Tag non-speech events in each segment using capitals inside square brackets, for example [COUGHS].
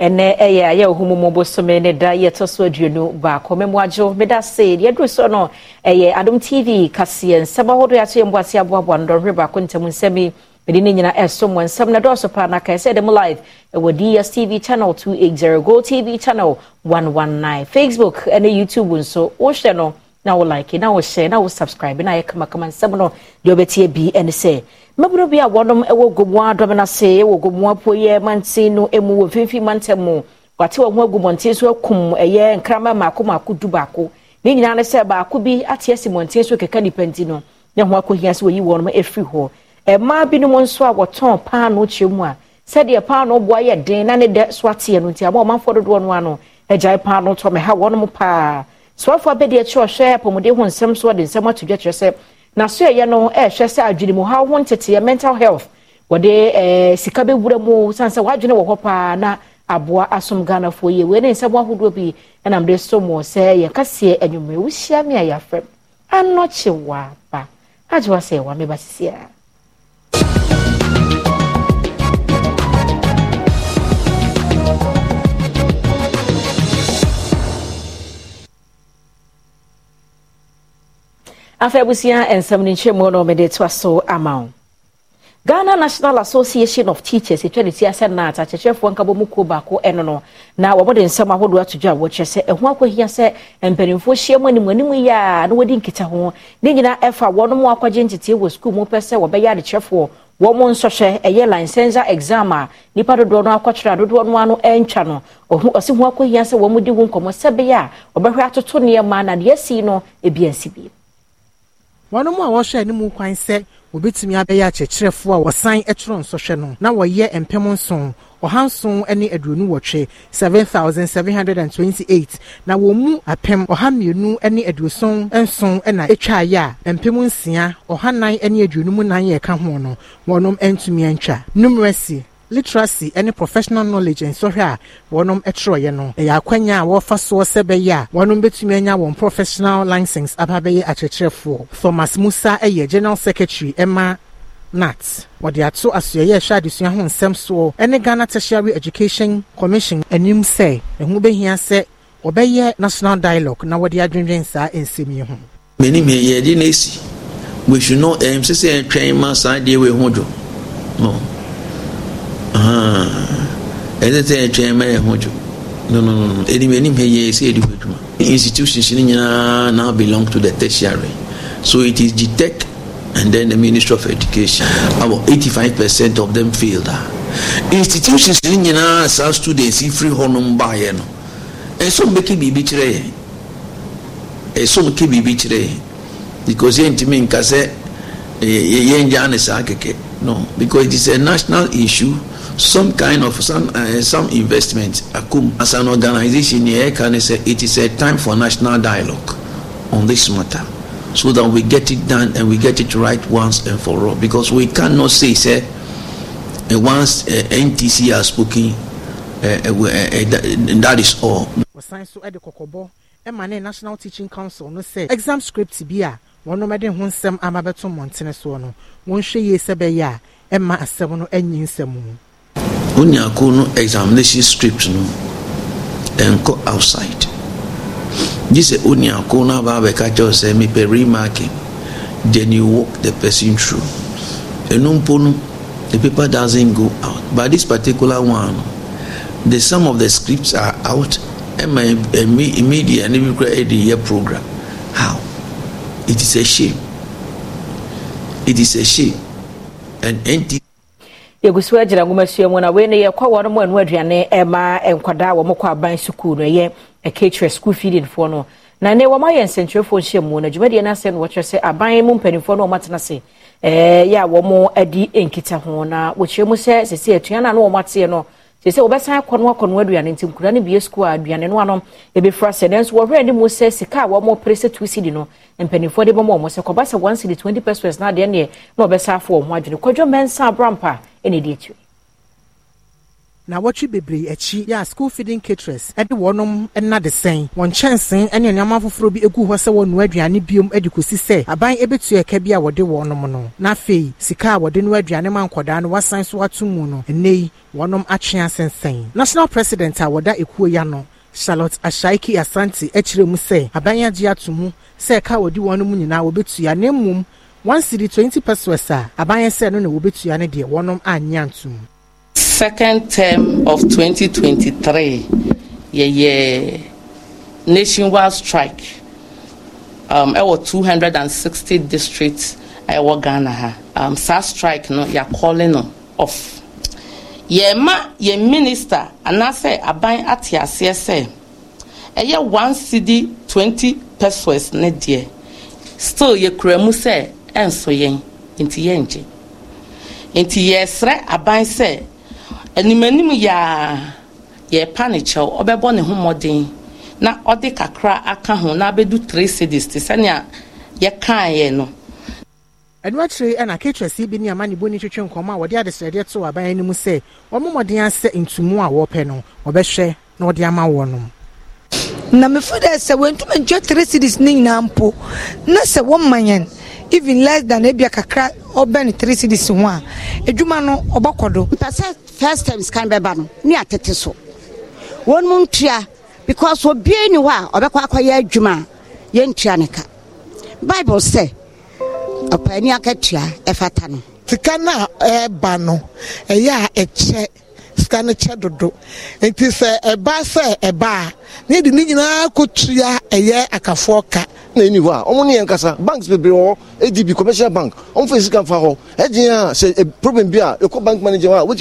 ɛnɛ ɛyɛ ayɛ ohumumu bosome ne da yɛtɔ so aduonu baako mɛmoagyew meda se yɛduru so no ɛyɛ adom tv kaseɛ nsɛm ahodoɔ yɛato yɛ mboase aboaboa ndɔnhwere baako ntam nsɛm yi mede ne nyina ɛso e, mmɔ nsɛm na dɔɔso paa na kae sɛ ɛdɛm live ɛwɔ e, TV channel 280 go tv channel 119 facebook ɛne youtube nso wohwɛ no na wo like na wo share na wo subscribe na yɛ kamakama nsɛm no deɛ wobɛtie bi ɛne sɛ mmaburo bi a wɔnom wɔ gomoa dɔm no ase wɔ gomoa po yɛ manten no mu wɔ mfimfini mantam mu wate wɔn ho agu mmɔnten so akum ɛyɛ nkrama mmaako mmaako du baako ne nyinaa ne sɛ baako bi ate asi mmɔnten so keka nipa nti no ne ho akɔhia sɛ wɔyi wɔn afiri hɔ mmaa binom nso a wɔtɔn paano kyerɛ mu a sɛdeɛ paano boa yɛ den na ne dɛ so ateɛ no nti ama ɔmanfoɔ dodoɔ no ano agyae paano tɔmɛ ha wɔnom paa soafoɔ abɛdeɛ kyerɛ ɔhwɛ apɔmuden ho nsɛm so ɔde nsɛm ato dwa kyerɛ sɛ n'aso ɛyɛ no ɛɛhwɛ sɛ adwene mu ha ho nteteɛ mental health wɔde ɛɛ eh, sika bɛwura mu san sɛ wadwene wɔ hɔ paa na aboa asom ghanafoɔ yie wei ne nsɛm ahodoɔ bi ɛnam de so mu sɛ yɛn kaseɛ anwummerɛ wohyia me a yɛafrɛ anɔkye waaba agye wa sɛ wameba sisia afei abusua nsɛm no na ɔmɛde to aso ama wo ghana national association of teachers etwa ne ti asɛ nat akyerɛkyerɛfoɔ nkabɔ mu kuo baako ɛno no na wɔde nsɛm ahodoɔ ato dwa a wɔkyerɛ sɛ ɛho akɔhia sɛ mpanimfoɔ hyia mu anim anim yie a na wɔdi nkita ho ne nyinaa ɛfa wɔn mu akɔgye ntete wɔ sukuu mu pɛ sɛ wɔbɛyɛ adekyerɛfoɔ wɔn nsɔhwɛ ɛyɛ licenser exam a nipa dodoɔ no akɔtwerɛ a dodoɔ no ano ɛntwa no ɔsi ho akɔhia sɛ wɔn di ho nkɔmɔ sɛbea ɔbɛhwɛ atoto nneɛma na deɛ si no ebi asi wɔn mu a wɔhwɛ anim kwan sɛ obetumi abɛyɛ akyerɛkyerɛfoɔ a wɔsan twerɛ nsɔhwɛ no na wɔyɛ mpem nson ɔha nson ne aduonu wɔtwe seven thousand seven hundred and twenty-eight na wɔn mu apem ɔha mmienu ne aduoson nson na atwa ayɛ a mpem nsia ɔha nan ne aduonum nan yɛ ɛka ho no wɔn ntumi ntwa numerasi literacy ne professional knowledge nsɔhwɛ a wɔnom twerɛeɛ no ɛyɛ akwanya a wɔfa soɔ sɛ bɛyɛ a wɔnom bɛtumi anya wɔn professional license aba bɛyɛ akyerɛkyerɛfoɔ thomas musa yɛ general secretary ma nat wɔde ato asoɛyɛ ɛhwɛ adesua ho nsɛm soɔ ne ghana tertiary education commission anim sɛ ɛho bɛhia sɛ wɔbɛyɛ national dialogue na wɔde adwendwen saa nsɛm yi ho mani meyɛde no asi wɔsu no ɛm eh, sɛ sɛ eh, ɛtwɛn ma saa deɛ wei ho dwo no ɛsɛ sɛ ɛtwɛn ma yɛ ho dwo no no no ɛnim ɛnim hɛ yɛ sɛ yɛde ho adwuma institutions no nyinaa now belong to the tertiary so it is the tech, and then the ministry of education about eighty-five percent of them failed institutions no nyinaa saa students firi hɔ nom baeɛ no ɛsɛm bɛka biribi kyerɛ yɛ ɛsɛm ka biribi kyerɛ yɛ because yɛntumi nka sɛ yɛngyaa ne saa kɛkɛ no because it is a national issue some kind of some uh, some investment akum as an organization here can say it is a time for national dialogue on this matter so that we get it done and we get it right once and for all because we cannot say say uh, eh, once uh, eh, ntc has spoken uh, uh, uh, that, that is all. wɔsan so de kɔkɔbɔ ma ne national teaching council no sɛ exam script bi a wɔn de ho nsɛm ama bɛto mmɔntene soɔ no wɔnhwɛ yie sɛ bɛyɛ a ɛma asɛm no anyi nsɛm mu wonyaako no examination script no ɛnkɔ outside gye sɛ wonyaako no aba abɛka kyɛw sɛ mepɛ remarking then you walk the person through ɛno mpo no the paper doesn't go out but this particular one the some of the scripts are out ɛma media ne bi kora ɛde yɛ program how it is a shame it is a shame and entity yɛgu so agyina nwoma sua mu na wei ne yɛkɔ wɔn mu anu aduane ɛma nkwadaa wɔn kɔ aban sukuu no ɛyɛ ɛkekyerɛ sukuu feedingfoɔ no na ne wɔn ayɛ nsɛntwerɛfoɔ nhyia mu na dwumadie eh, n'asɛ no wɔkyerɛ sɛ aban mu mpanimfoɔ no wɔn se ɛɛ yɛ a wɔn adi nkita ho na wɔkyerɛ mu sɛ sɛsɛ atua no a wɔn ateɛ no sɛ sɛ wɔbɛsan akɔ no akɔ no aduane nti nkura no bie sukuu a aduane no ano ebefra sɛ nanso wɔhwɛ ne mu sɛ sika a wɔn pere sɛ two cd no mpanimfoɔ de bɔ wɔn sɛ kɔba sɛ one cd twenty percent na adeɛ neɛ na wɔbɛsan afɔ wɔn ho adwene kɔdwa mɛnsa abrampa ɛna edi akyire na wɔtwi bebree akyi yɛ a school feeding caterers de wɔnom na de sɛn wɔn nkyɛnsee ne nneɛma foforɔ bi gu hɔ sɛ wɔnoa aduane biom de kɔsi sɛ aban bɛtua ɛka bi a wɔde wɔnom no na afei sika a wɔde noa aduane ma nkɔdaa no wasan so ato mu no ɛnɛ wɔnom atwe asensɛn national president a wɔda ekuo ya no charlotte ashaiki asante akyerɛ mu sɛ aban agye ato mu sɛ ɛka a wɔde wɔn mu nyinaa wɔbɛtua na mmom wɔn siri twenty pesos a aban sɛ no na wɔbɛtua ne deɛ wɔnom anya ntom second term of 2023 yeah yeah, nationwide strike um, ɛwɔ 260 districts a ɛwɔ ghana um, saa strike no yɛakɔle no off Yeah ma, yɛn minister and I say, anaasɛ aban ate aseɛ sɛ ɛyɛ one city, 20 pesos ne deɛ still yɛkura mu sɛ ɛnso yɛn nti yɛngye nti I buy say. animanim yaa yɛpa ne kyɛw ɔbɛbɔ ne ho na ɔde kakra aka ho na abɛdu three cities te sɛnea yɛkaeɛ no ɛno akyire ɛna ketrɛsi bi ne amanebo ne twetwe nkɔmmɔ a wɔde adesrɛdeɛ to aban no mu sɛ wɔn mmɔden asɛ ntumu a wɔpɛ no wɔbɛhwɛ na wɔde ama wɔn no na mefu dɛ sɛ wɔntuma ntwa three cities ne nyinaa mpo na sɛ wɔmma yɛn even less than ebia kakra ɔbɛn three cities ho a edwuma no ɔbɛkɔ do mpɛ first terms kan bɛba no ne atete so wɔn mu ntua because obiara ni hɔ a ɔbɛkɔ akɔyɛ adwuma a yɛntua ne ka bible sɛ ɔpaani akatua ɛfata no sika no a ɛreba no ɛyɛ a ɛkyɛ sika no kyɛ dodo nti sɛ ɛba sɛ ɛba a ne yɛde ne nyinaa kɔtua ɛyɛ akafoɔ ka na ɛni hɔ a ɔmo ne yɛn kasa banks bebree wɔ hɔ adb commercial bank ɔmo fɛ sika mfa hɔ ɛgyina sɛ eh, problem bi a ɛkɔ bank manager wa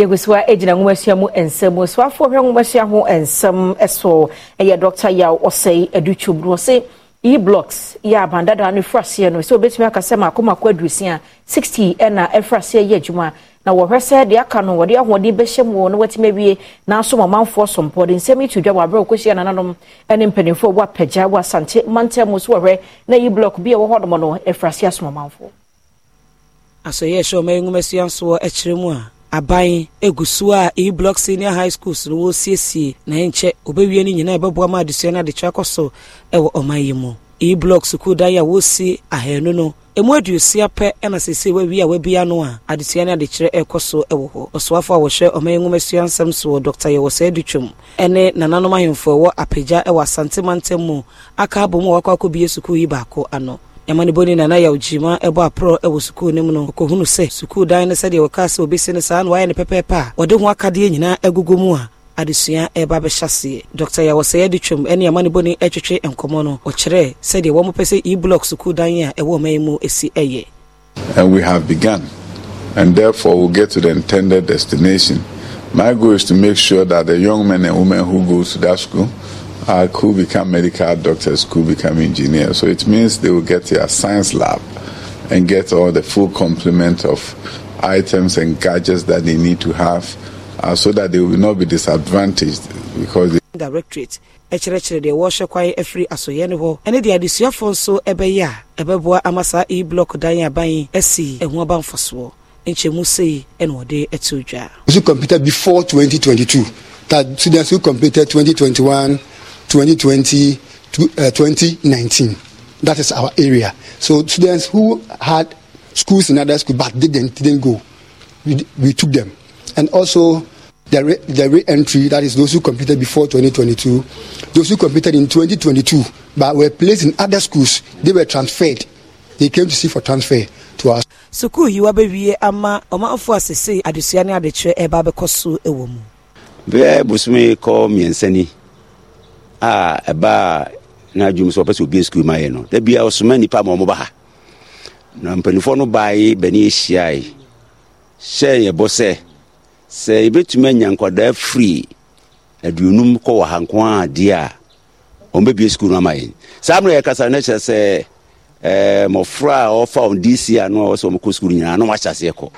yɛgusiwa gyina e nwomasua mu nsɛm mu suafoɔ hwɛ nwomasua ho nsɛm so ɛyɛ dɔkta yaw ɔsɛe adutwo buru ɔse yi blocks yɛ abandada no firi aseɛ no sɛ obɛtumi aka sɛ maako maako aduosia 60 ɛna ɛfiri yɛ adwuma e na wɔhwɛ sɛ deɛ aka no wɔde ahoɔden bɛhyɛ mu wɔ no wɔatumi awie nanso mamanfoɔ sompɔ de nsɛm yi to dwa wɔ aberɛ wɔkɔhyia nananom e ne mpanimfoɔ wɔ apagya wɔ asante mantam mu so wɔhwɛ na yi block bi a ɛwɔ hɔnom no ɛfiri aseɛ aso mamanfoɔ asɔyɛ ɛhyɛ ɔma yɛ nwomasua nsoɔ akyerɛ mu a aban egu so a e block senior high school na wɔ siesie na nkyɛ obewie ne nyinaa ɛbɛboa ma adesua no adekyerɛ akɔ so ɛwɔ ɔman yi mu e block sukuu dan a wɔsi ahanu no emu aduosia pɛ ɛna sese wawi a wabia no a adesua ne adekyerɛ ɛkɔ so ɛwɔ hɔ ɔsoafo a wɔhyɛ ɔman nwoma sua nsɛm so wɔ dɔkta yɛwɔsɛ adutwam ɛne nananom ahemfo ɛwɔ apagya ɛwɔ asante mantam mu aka abom a wakɔ akɔbie sukuu yi baako ano ɛma nana yaw gyima ɛbɔ aporɔ ɛwɔ sukuu no mu no ɔkɔhunu sɛ sukuu dan no sɛdeɛ wɔka sɛ obɛsi no saa na wayɛ ne pɛpɛɛpɛ a ɔde ho akadeɛ nyinaa agogo mu a adesua ɛreba bɛhyɛ aseɛ dr yawɔsɛeɛ de twam ɛne amane ɛtwetwe nkɔmmɔ no ɔkyerɛ sɛdeɛ wɔn pɛ sɛ eblock sukuu dan a ɛwɔ ɔman yi mu ɛsi ɛyɛ and we have begun and therefore we'll get to the intended destination my goal is to make sure that the young men and women who go to that school uh, could become medical doctors, could become engineers. So it means they will get their science lab and get all the full complement of items and gadgets that they need to have uh, so that they will not be disadvantaged because they directorate ɛkyerɛkyerɛ deɛ wɔrehwɛ kwan afiri asɔyɛ no hɔ ɛne deɛ adesuafoɔ nso ɛbɛyɛ a ɛbɛboa ama saa e block dan aban asi ɛho aba mfasoɔ nkyɛmu sei ɛna wɔde ɛto dwa. computer before 2022 that students who completed 2021 2020, uh, 2019. That is our area. So students who had schools in other schools but didn't, didn't go, we, we took them. And also the, re, the re-entry, that is those who completed before 2022, those who completed in 2022 but were placed in other schools, they were transferred. They came to see for transfer to us. sukuu yi wabɛwie ama ɔmanfoɔ a sese adesua ne adekyerɛ ɛreba abɛkɔ so wɔ mu. bɛɛ bosom yi kɔ mmiɛnsa ni a ɛbaa n'adwom sɛ ɔpɛ sɛ obie sukuu ma yɛ no da bia ɔsoma nnipa ma ɔmoba ha na mpanimfoɔ no baeɛ bɛne yɛhyiae hyɛ yɛbɔ sɛ sɛ yɛbɛtumi anya nkwadaa firi aduonum kɔ wɔ ha nko a deɛ a ɔmbɛbie sukuu no ama yɛn saa mmerɛ yɛkasa no kyerɛ sɛ Eh, mmɔfra a ɔfa wɔn dc a a wɔsɛ wɔn kɔ sukuu nyinaa na wɔn aseɛ kɔ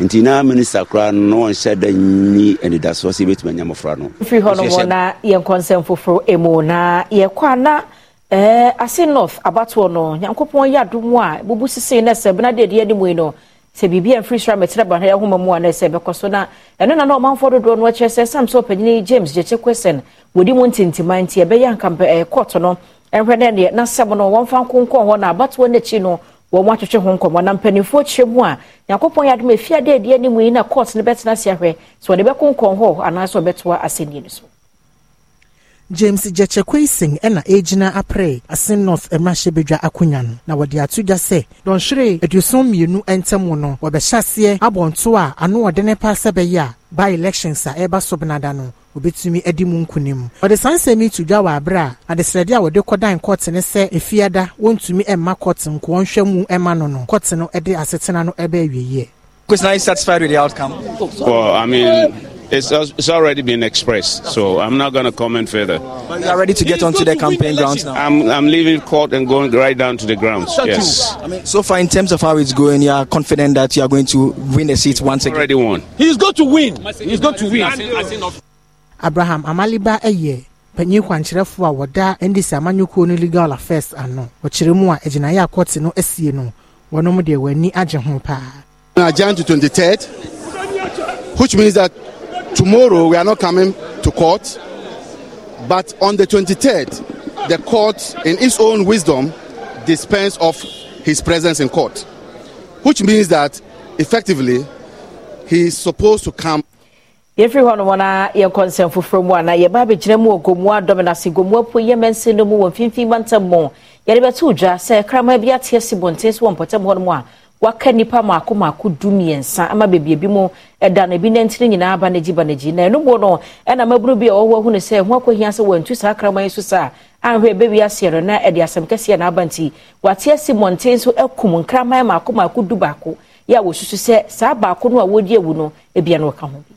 nti na minista koraa no da anidasoɔ sɛ anya no. firi hɔ nom na yɛn foforɔ emu na yɛkɔ ana eh, ase north abatoɔ no nyankopɔn yɛ a bubu sisi na bena yi no sɛ biribi a ba ha mu a so na ɛno na na ɔmanfoɔ dodoɔ no akyerɛ sɛ james gyekye ɛhwɛ dɛ deɛ n'asɛm no wɔmfa nkonkɔn hɔ na abatoɔ n'akyi no wɔn atwetwe ho nkɔmɔ na mpanimfoɔ kyerɛ mu a nyankopɔn yɛ adom efia dɛ adi anim yi na court no bɛtena ase ahwɛ sɛ wɔde bɛkonkɔn hɔ anaasɛ wɔbɛtoa asɛnniɛ no so james gyekye kwesing ɛna ɛgyina aprɛ asen north mmarahyɛbadwa akonnwa no na wɔde ato dwa sɛ dɔnhwere aduoson mmienu ntam no wɔbɛhyɛ aseɛ abɔnto a ano ɔde ne paa sɛ bɛyɛ a by elections a ɛreba so benada no obetumi adi mu nkunim ɔde saa nsɛm yi to wɔ abere a adesrɛde a wɔde kɔdan kɔɔte ne sɛ efiada wɔntumi mma kɔɔte nko wɔnhwɛ mu mma no no kɔɔte no de asetena no ɛbɛ awieɛ Chris, are you satisfied with the outcome? Well, I mean, it's, uh, it's already been expressed, so I'm not going to comment further. But you are ready to get onto the campaign grounds now? I'm, I'm leaving court and going right down to the grounds, yes. I mean, so far, in terms of how it's going, you are confident that you are going to win a seat once again? Already won. He's going to win. He's going to win abraham amaliba ɛyɛ panyin kwankyerɛfoɔ a wɔda ndc amanyɔkuo no legal affairs ano ɔkyerɛ mu a agyinayɛ akɔte no asie no wɔnom deɛ wɔani agye ho paa Jan to 23rd, which means that tomorrow we are not coming to court, but on the 23rd, the court, in its own wisdom, dispense of his presence in court, which means that effectively he is supposed to come. yɛfiri hɔ nom na yɛnkɔ nsɛm foforɔ mu ana yɛba abɛgyina mu wɔ gomua dɔm no ase gomua po yɛmɛnse no mu wɔ mfimfini bantam mu yɛde bɛto dwa sɛ kraman bi ate asi bɔnten so wɔ mpɔtam hɔ nom a waka nnipa maako maako du ama baabi bi mu ɛda no bi nantini nyinaa ba n'agyi ba n'agyi na ɛno mu no ɛna maburu bi a wɔwɔ hu no sɛ ho akɔhia sɛ wɔantu saa kraman yi so saa ahwɛ bɛwi aseɛ no na ɛde asɛm kɛseɛ na aba nti wate asi mmɔnten so akum nkraman maako maako du baako yɛ a wɔsusu sɛ saa baako no a wɔdi awu no ebia no wɔka ho bi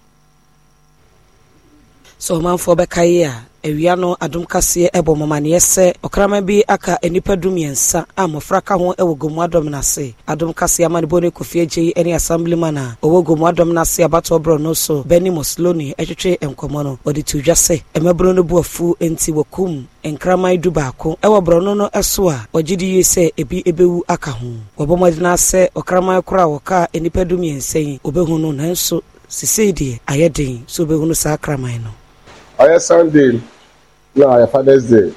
so ɔmanfoɔ bɛka yi a awia no adom kaseɛ ɛbɔ mɔmaneɛ sɛ ɔkraman bi aka nnipa dumiɛnsa a mmɔfra ka ho wɔ gomua dɔm no ase adom kaseɛ ama ne bo ne kofi agye yi ne assemblyman a ɔwɔ gomua no ase abatoɔ borɔ no so bɛni mosloni ɛtwetwe nkɔmmɔ no ɔde to dwa sɛ ɛmɛburo no buafu enti wɔkum nkraman du baako ɛwɔ borɔno no ɛso a ɔgye di yie sɛ ebi ebɛwu aka ho wɔbɔ mmɔden asɛ ɔkraman koro a wɔka nnipa dumiɛnsa yi obɛhu no nanso sisei deɛ ayɛ den so obɛhu no saa kraman no onye oh, sunday na fathers day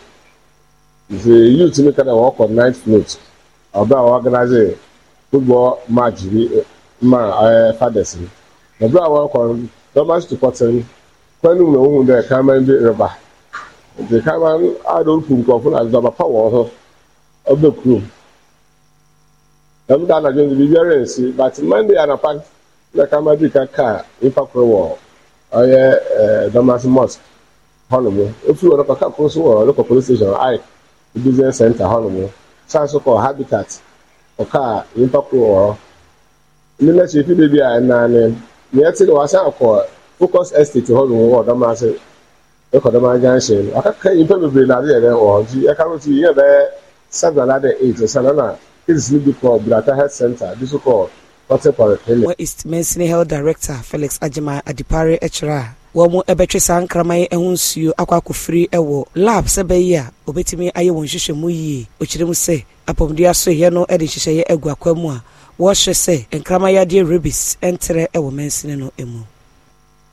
the youth make dem work on night float ọbịa organize football match uh, ma uh, fathers ọbịa work on thomas kwenu na ohun kama ndị rịba dị ẹmu but monday anapa na kama dị ka kaa wọ ọyẹ mosque. hɔnom efiri hɔ no kɔka koro so wɔ ɔno kɔ police station ayɛ business center hɔnom san so kɔ habitat ɔka nyimpa koro wɔ hɔ ne na kyerɛ beebi a ɛnaane nea ɛte no wasan akɔ focus estate hɔnom wɔ ɔdɔm ase ɛkɔ dɔm agyan hyɛn no akaka nyimpa bebree na yɛ dɛ wɔ hɔ nti ɛka no ti yɛ bɛyɛ seven anadɛ eight ɛsan ɛna cases no bi kɔ brata health center bi so kɔ ɔte polyclinic. wɔ east mensini health director felix ajima adipare ɛkyerɛ a wɔn bɛtwe saa nkraman ho nsuo akɔ akɔfiri wɔ lab sɛ bɛyɛ a obetumi ayɛ wɔn nhyehyɛ mu yie okyerɛ mu sɛ apɔmudua soyɛ no de nhyehyɛeɛ agu akwa mu a wɔhyɛ sɛ nkraman yadeɛ rabies ntrɛ wɔ mɛnsini no mu.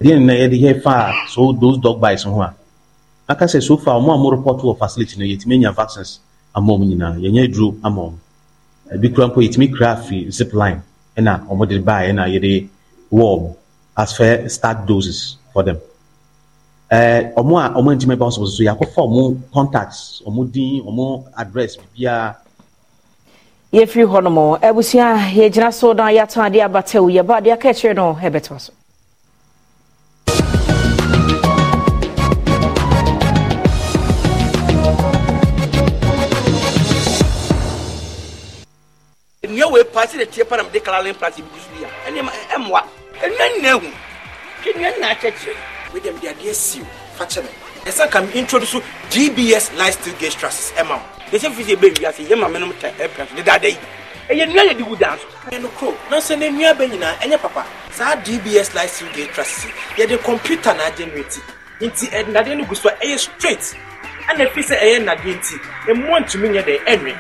deɛ na yɛde yɛ fa so those dog bites ho a aka sɛ so far ɔmo a mo report wɔ facility no yɛtumi anya vaccines ama ɔmo nyinaa yɛnyɛ duro ama ɔmo ebi kura mpo yɛtumi kura afiri zip line ɛna ɔmo de baa ɛna yɛde wɔ as fɛ start doses for them eh, ọmọ a ọmọ ntoma ẹba ọsọ so yakọfa ọmọ contacts ọmọ din ọmọ address bia. yɛfiri hɔnom abusua yɛgyina so na yɛatɔn adeɛ abata wo yɛba adeɛ aka no ɛbɛtoa so nnua wei pa sɛ deɛ tie pa na mede kala len plase bi gu so bia ɛne ɛmmoa ɛnua nyinaa hu kínní na akyɛkyerɛ. wei dɛm de adeɛ si o fa kyɛ me ɛsɛ ka me introduce gbs lifestyle gas trusses ɛma wo yɛsɛ fi sɛ ɛbɛ wiase yɛ ma menom ta ɛpɛ so dedada yi ɛyɛ nnua yɛ de wu dan so ɛno koro nanso ne nnua bɛ nyinaa ɛnyɛ papa saa gbs lifestyle gas trusses yɛde computer na agenerate nti ɛnadeɛ no gu so a ɛyɛ straight ɛna fi sɛ ɛyɛ nnadeɛ nti ɛmmoa ntumi nyɛ dɛ ɛnwe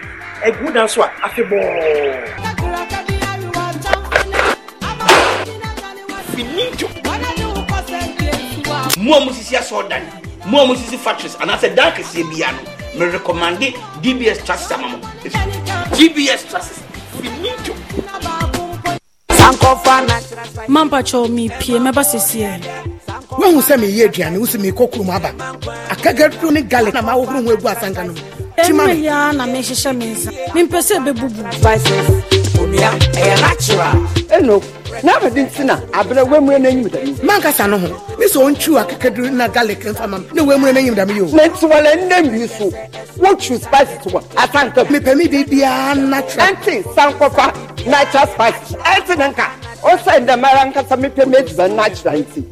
ɛgu dan so a afebɔɔ finito mu a musisi asɔɔdan mu a musisi factories anaasɛ dan kɛseɛ bia no me recommande dbs trust ama mo dbs trust finito mampakyɛw mepie mɛba sesie woahu sɛ meyɛ aduane wo sɛ meekɔ kurom aba akagaduo ne garlic na mawohoro ho agu asanka no mu na mehyehyɛ me nsa mempɛ sɛ ɛbɛbubu onua natural. ɛnno eh, n'afɛdi nti na abirɛ wɛmure n'enyim dɛm. mankasa no ho mi sɛ ɔntwi akekadu na garlic nfa ma mi ne wɛmure n'enyim dɛm yi o. na ntiwale nne mi so wotu spices wɔ asante. mepɛ mi bi biara natural. ɛnti sankofa natural spice. ɛnti ne nka o sɛ ndɛmɛ ara nkasa mepɛ mi aduane natural nti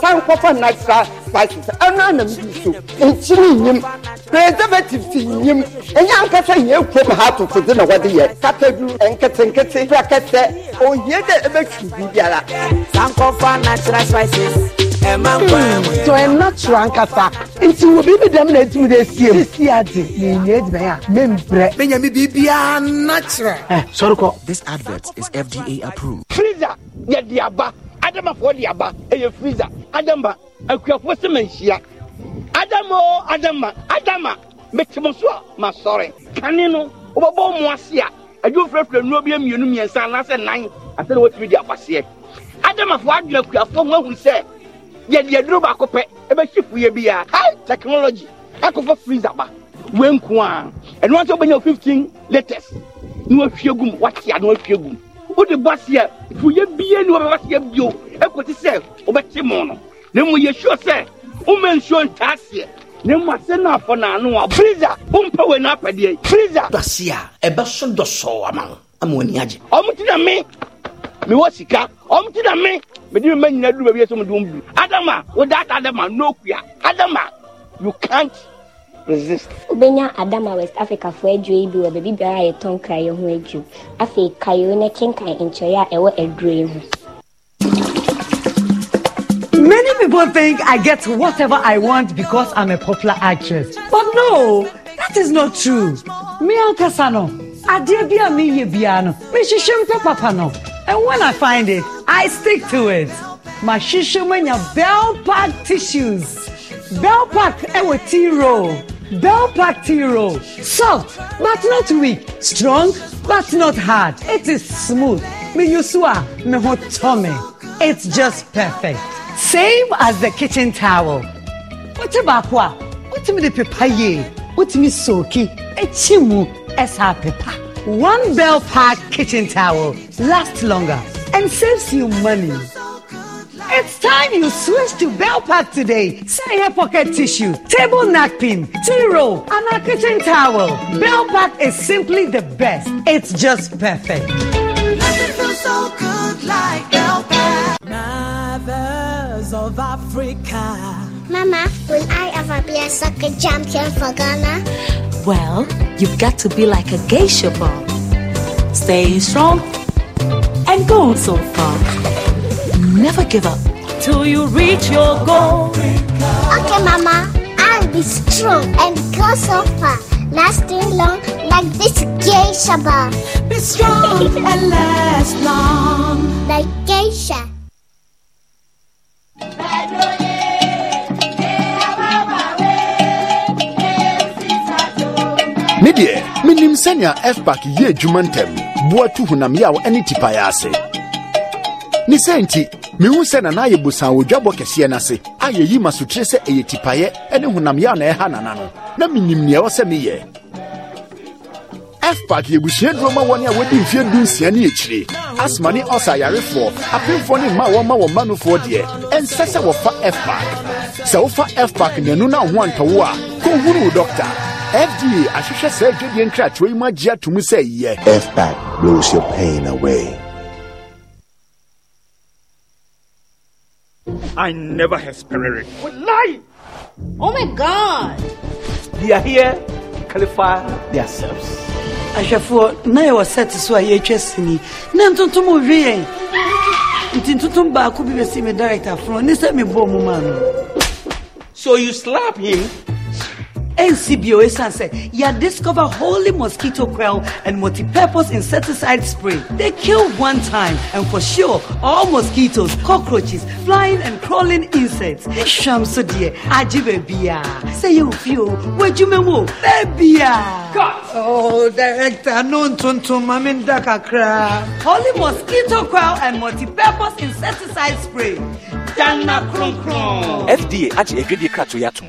sankɔfa natural spices ɛno anam bi so nkyiri nyim preservatives nyim ɛnyɛ ankasa nyɛ kurom ha atofodze na wɔde yɛ katadu nketenkete prakɛsɛ ohia dɛ ɛbɛtwi biribiara sankɔfa natural spices tọ ẹ natural nkasa nti wo biribi dɛm na etum de esie mu sisi adi na enyo edumɛ a mɛ mbrɛ. bẹnyami natural. ɛ eh, sɔrikɔ. this advert is fda approved. freezer yɛ aba adamafoɔ de aba ɛyɛ freezer adama akuafoɔ sɛ manhyia adama o adama adama mete mo so a masɔre kane no wobɛbɔ mo ase a adwo firafira nnuro bi mmienu mmiɛnsa anaasɛ nan asɛ na wɔtumi de akwaseɛ adamafoɔ adwene akuafoɔ ho ahunu sɛ yɛde aduro baako pɛ ɛbɛhye fuyɛ biara hi technology akɔfɔ freezer ba wenku a ɛno nso wobɛnya 15 latest na wahwie gum wate a na wahwie gum wode bɔ seɛ fuyɛ bie ne wɔbɛba seɛ bio ɛkɔte sɛ wobɛkye mo no na mmom yɛsuo sɛ woma nsuo ntaa seɛ na mmom asɛ no afɔ naano a frisa wompɛ wɔ no apɛdeɛ frisa dɔse a ɛbɛso dɔsɔɔ ama wo ama w'ani agye ɔmote na me mewɔ sika ɔmote na me mede mema nyina duru baabi yɛ sɛ mede bi adam a wodaata adam a na okua you can't resist. wobɛnya adama west africafoɔ adwuro yi bi wɔ baabi biara a yɛtɔn kraeɛ ho adwuro afei kayo no kenkan nkyɛeɛ a ɛwɔ aduro yi ho Many people think I get whatever I want because I'm a popular actress. But no, that is not true. Me ankasa Kasano, adeɛ bi a meyɛ biara no, mehyehyɛ mpɛ papa no. And when I find it, I stick to it. My mu anya Bell Pack tissues. Bell Pack ɛwɔ tea roll. Bell Bellpactiro. Soft but not weak. Strong but not hard. It is smooth. Me me mehotome. It's just perfect. Same as the kitchen towel. What about what? What me the paper ye? What me soaky? Echimu esa paper. One Bell Park kitchen towel lasts longer and saves you money. It's time you switch to bell pack today. Say your pocket tissue, table napkin, tea roll, and a kitchen towel. Bell pack is simply the best. It's just perfect. Nothing feels so good like bell pack. Mothers of Africa. Mama, will I ever be a soccer champion for Ghana? Well, you've got to be like a geisha ball. Stay strong and go so far. never give up till you reach your goal. Okay, Mama, I'll be strong and go so far, lasting long like this geisha bar. Be strong [LAUGHS] and last long like geisha. me deɛ menim sɛnea fpak yɛ adwuma ntɛm boa tu honam yaw ne tipayɛ ase ne sɛ nti mehu sɛ nana ayɛ bosan wɔ kɛseɛ no ase a yɛyi ma sotire sɛ ɛyɛ tipaeɛ ne honamyɛ a na ɛha nana no na menim nea ɛwɔ sɛ meyɛ fpak yɛbusua duro ma wɔne a wɔdi mfeɛ dunsia ne akyire asma ne ɔsa ayarefoɔ apemfoɔ ne mma wɔma wɔn mma deɛ ɛnsɛ sɛ wɔfa fpak sɛ wofa fpak nanu na ho antɔwo a kɔnhunu wo dɔkta fda ahwehwɛ saa adwadie nkratoɔ yi mu agye ato sɛ yɛ fpak blows your pain away I never have spirit. We lie. Oh my God. They are here to qualify themselves. ahwɛfoɔ na yɛwɔ sɛte so a yɛatwa sini na ntontom ɔhwe yɛn nti ntontom baako bi bɛsi me director fono ne sɛ mebɔɔ mu maa no so you slap him NCBO Sanse, ya discover holy mosquito coil and multi-purpose insecticide spray. They kill one time and for sure all mosquitoes, cockroaches, flying and crawling insects. Shamsu dear, ajibe Say you feel where you mewo, bia. Cut. Oh, director, no tuntum maminda kakra. Holy mosquito coil and multi-purpose insecticide spray. Dana kron kron. FDA, aji ekwe di krato yatum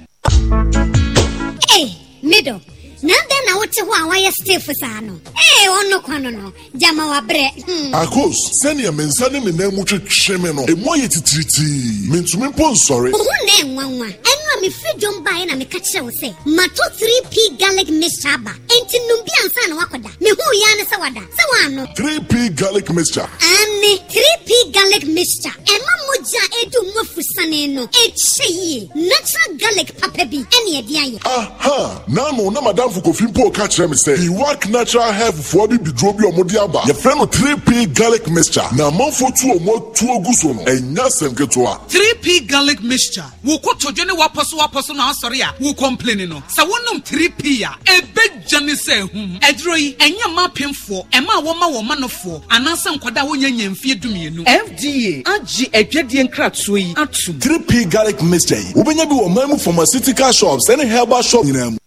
middle na dɛn na wote hɔ a wayɛ stiff saa no ee ɔno kɔ no no gyama wabrɛ. Hmm. akos sɛnea me nsa ne me nan mu twetwe me no emu ayɛ titiritii mentumi mpo nsɔre. ohun na enwanwa ɛnu mefiri dwom baeɛ na meka kyerɛ wo sɛ mato 3p garlic mixture aba enti nom bi ansa na woakɔda mehuu yɛa ne sɛ wada sɛ woano 3p garlic mixture ane three p garlic mixture ɛma mogya a ɛdu mo afusane no ɛkyɛ yie natural garlic papa bi ɛne ɛde ayɛ aha na na madam kofi mpo ka kyerɛ me sɛ iwak natural hair fufuo bi biduro bi ɔmo de aba yɛfrɛ no three p garlic mixture na amanfo tu ɔmo atuo gu so no ɛnya sɛm ketewa 3p garlic mixture wo kotodwe ne wapɔ so so apɔ so na asɔre a wo complain no sɛ wonom three p a ɛbɛgya ne sɛ hum ɛduro yi ɛnyɛ mma apemfoɔ ɛma wɔma wɔn ma nofoɔ anaasɛ nkwadaa wɔnyɛ nyɛ mfie dumienu. fda agye adwadie nkratoɔ yi atum. three p garlic mixture yi wobɛnya bi wɔ man mu pharmaceutical shops ɛne herbal shop nyinaa mu.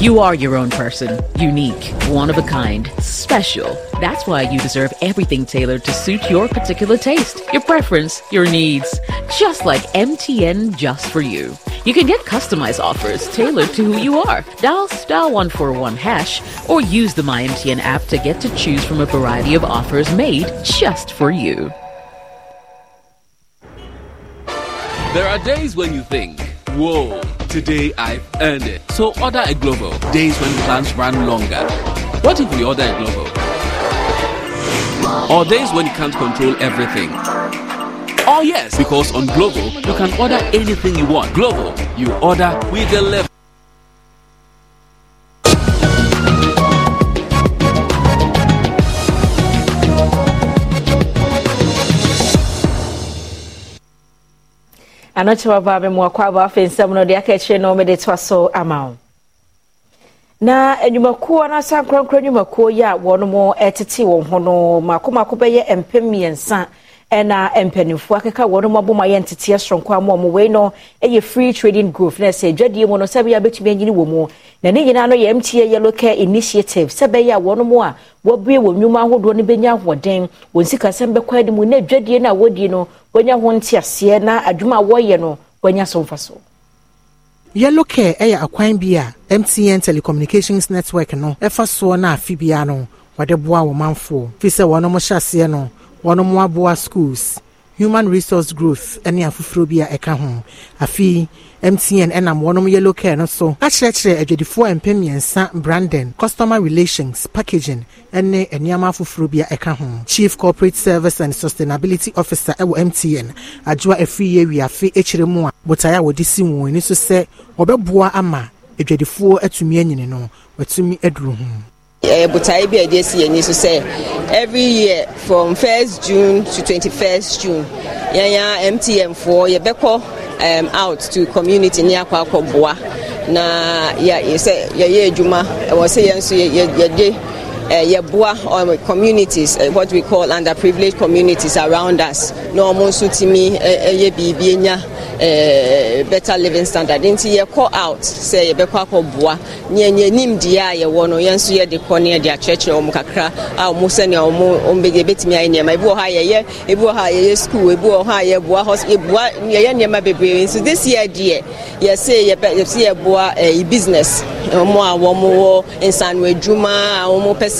You are your own person, unique, one of a kind, special. That's why you deserve everything tailored to suit your particular taste, your preference, your needs. Just like MTN Just For You. You can get customized offers tailored to who you are. Dial star 141 hash or use the MyMTN app to get to choose from a variety of offers made just for you. There are days when you think, whoa Today I've earned it. So order a global. Days when plans run longer. What if we order a global? Or days when you can't control everything. Oh yes, because on Global you can order anything you want. Global, you order, we deliver. anɔkyerɛ waba bɛmoakɔ abɔ afei nsɛm no de aka akyire no mede toa so ama wo na adwumakuo eh, no asankorankora nnwumakuo yi a wɔnom eh, tete wɔn ho no maakomaako bɛyɛ mpem mmiɛnsa ɛna mpanimfoɔ akeka wɔn mo abom ayɛ nteteɛ soronko ama wɔn wei no yɛ free trading group na sɛ dwadie mu no sɛbi abɛtumi anyini wɔ mu na ne nyinaa no yɛ mta yellow care initiative sɛbɛyɛ a wɔn mo a wɔabue wɔn nnwuma ahodoɔ no bɛnya ahoɔden wɔn sikasɛm bɛkɔ anim na dwadie no a wɔdi no wɔnya ho nteaseɛ na adwuma a wɔyɛ no wɔnya so mfa so yellow care ɛyɛ akwan bi a mtn telecommunications network no ɛfa soɔ no afe biara no wɔde boa wɔn manfoɔ fi sɛ wɔn mo hyɛ aseɛ no wɔnom aboa schools human resource growth ne afoforɔ bi a ɛka ho afei mtn ɛnam wɔnom yellow care no so akyerɛkyerɛ adwadifoɔ mpem mmiɛnsa brandon customer relations packaging ne nneɛma afoforɔ bi a ɛka ho chief corporate service and sustainability officer ɛwɔ mtn adwoa afiri yɛ wiafe akyire mu a botae a wɔde si wɔn ani so sɛ wɔbɛboa ama adwadifoɔ atumi anyini no watumi aduru ho Eh, botae bi a yɛde asi yɛn ani so sɛ every year from 1st june to 21st june yɛnya mtm foɔ yɛbɛkɔ um, out to community ne akɔ akɔboa na yɛ sɛ yɛyɛ adwuma ɛwɔ sɛ yɛn nso yɛde Eh, yɛboa um, communities uh, what we call underprivileged communities around us na ɔmo nso tumi eh, yɛ biribi nya better living standard nti yɛkɔ out sɛ yɛbɛkɔ akɔboa nea yɛ nimdeɛ a yɛwɔ no yɛn nso yɛde kɔ ne yɛde akyerɛkyerɛ wɔn kakra a wɔn sɛnea wɔn yɛbɛtumi ayɛ nneɛma ebi wɔ hɔ a yɛyɛ ebi wɔ hɔ a yɛyɛ e e school ebi wɔ hɔ a yɛboa hɔ yɛboa e yɛyɛ nneɛma bebree nso this year deɛ yɛsɛ yɛbɛ yɛsɛ yɛboa ɛɛ business wɔn a wɔn wɔ nsanuadwuma a wɔn pɛ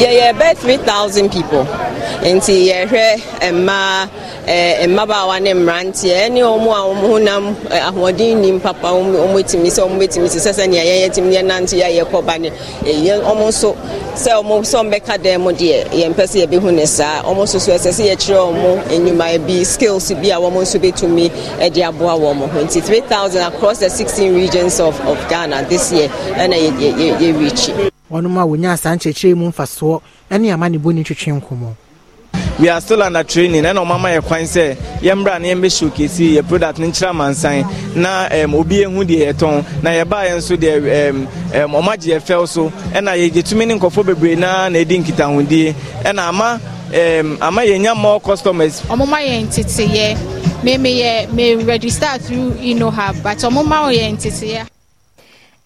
yɛyɛ bɛ three thousand people nti yɛhwɛ mmaa eh, mmabaawa ne mmeranteɛ ne wɔn a wɔn ho nam eh, ahoɔden nim papa wɔn etimi sɛ wɔn etimi sɛ sɛnea yɛn yɛtimi yɛn nante yɛ yɛkɔ ba ne eh, yɛn wɔn nso sɛ wɔn sɛ wɔn bɛka dan mu deɛ yɛn mpɛ sɛ yɛbɛhu ne saa wɔn nso so ɛsɛ sɛ yɛkyerɛ wɔn enyima bi skills bi a wɔn nso bɛtumi de aboa wɔn ho nti three thousand across the sixteen regions of of ghana this year ɛna yɛ yɛ yɛ reach. wɔnom a wɔnya asaa nkyerɛkyerɛ mu mfasoɔ ne ama ne bɔne twetwe nkɔmmɔ we are still under training ɛna ɔmama yɛ kwan sɛ yɛmmra na yɛmbɛhyɛ okesi yɛ product no nkyerɛ amansan na um, obi ehu deɛ yɛtɔn na yɛbaeɛ nso deɛ um, um, ɔmagye yɛfɛw so ɛna yɛgyetumi ne nkɔfoɔ bebree naa na edi nkitahodie ɛna ama ama yɛnya more customers ma yɛn register through but yɛn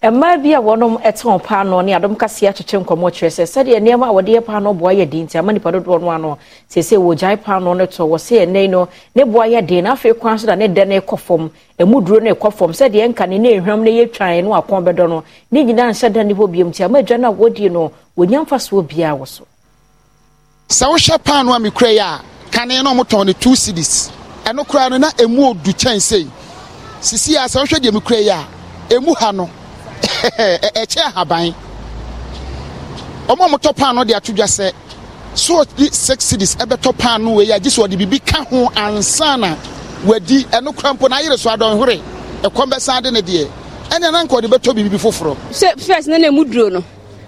mmaa bi a wɔnom te wɔn paano ne adom kaseɛ akyekyere nkɔmmɔ kyerɛ sɛ sɛdeɛ nneɛma a wɔde yɛ paano boa yɛ den nti ama nipa dodoɔ no ano seesei wɔgyae paano no tɔ wɔsɛ ɛnɛn no ne boa yɛ den na afei kwan so da ne dɛ ne kɔ fam emu duro ne kɔ fam sɛdeɛ nka ne ne ehwam ne yɛ twan no akɔn bɛdɔ no ne nyinaa nhyɛ dan ne hɔ biem nti ama aduane a wɔdie no wɔnya mfasoɔ biara wɔ so. sɛ wohyɛ paano a mekura yi a kane no ɔmotɔn ne two cities ɛno koraa no na emu odu kyɛnsee sisi a sɛ wohwɛ deɛ mekura yi a emu ha no ɛkyɛ [LAUGHS] ahaban ɔmo a wɔtɔ paano de ato dwa sɛ so six cities ɛbɛtɔ paano wei agye sɛ ɔde biribi ka ho ansa wadi ɛno kura mpo na so adɔnhwere ɛkɔm bɛsan de ne deɛ ɛnna nanka ɔde bɛtɔ biribi foforɔ. sɛ first na emu duro no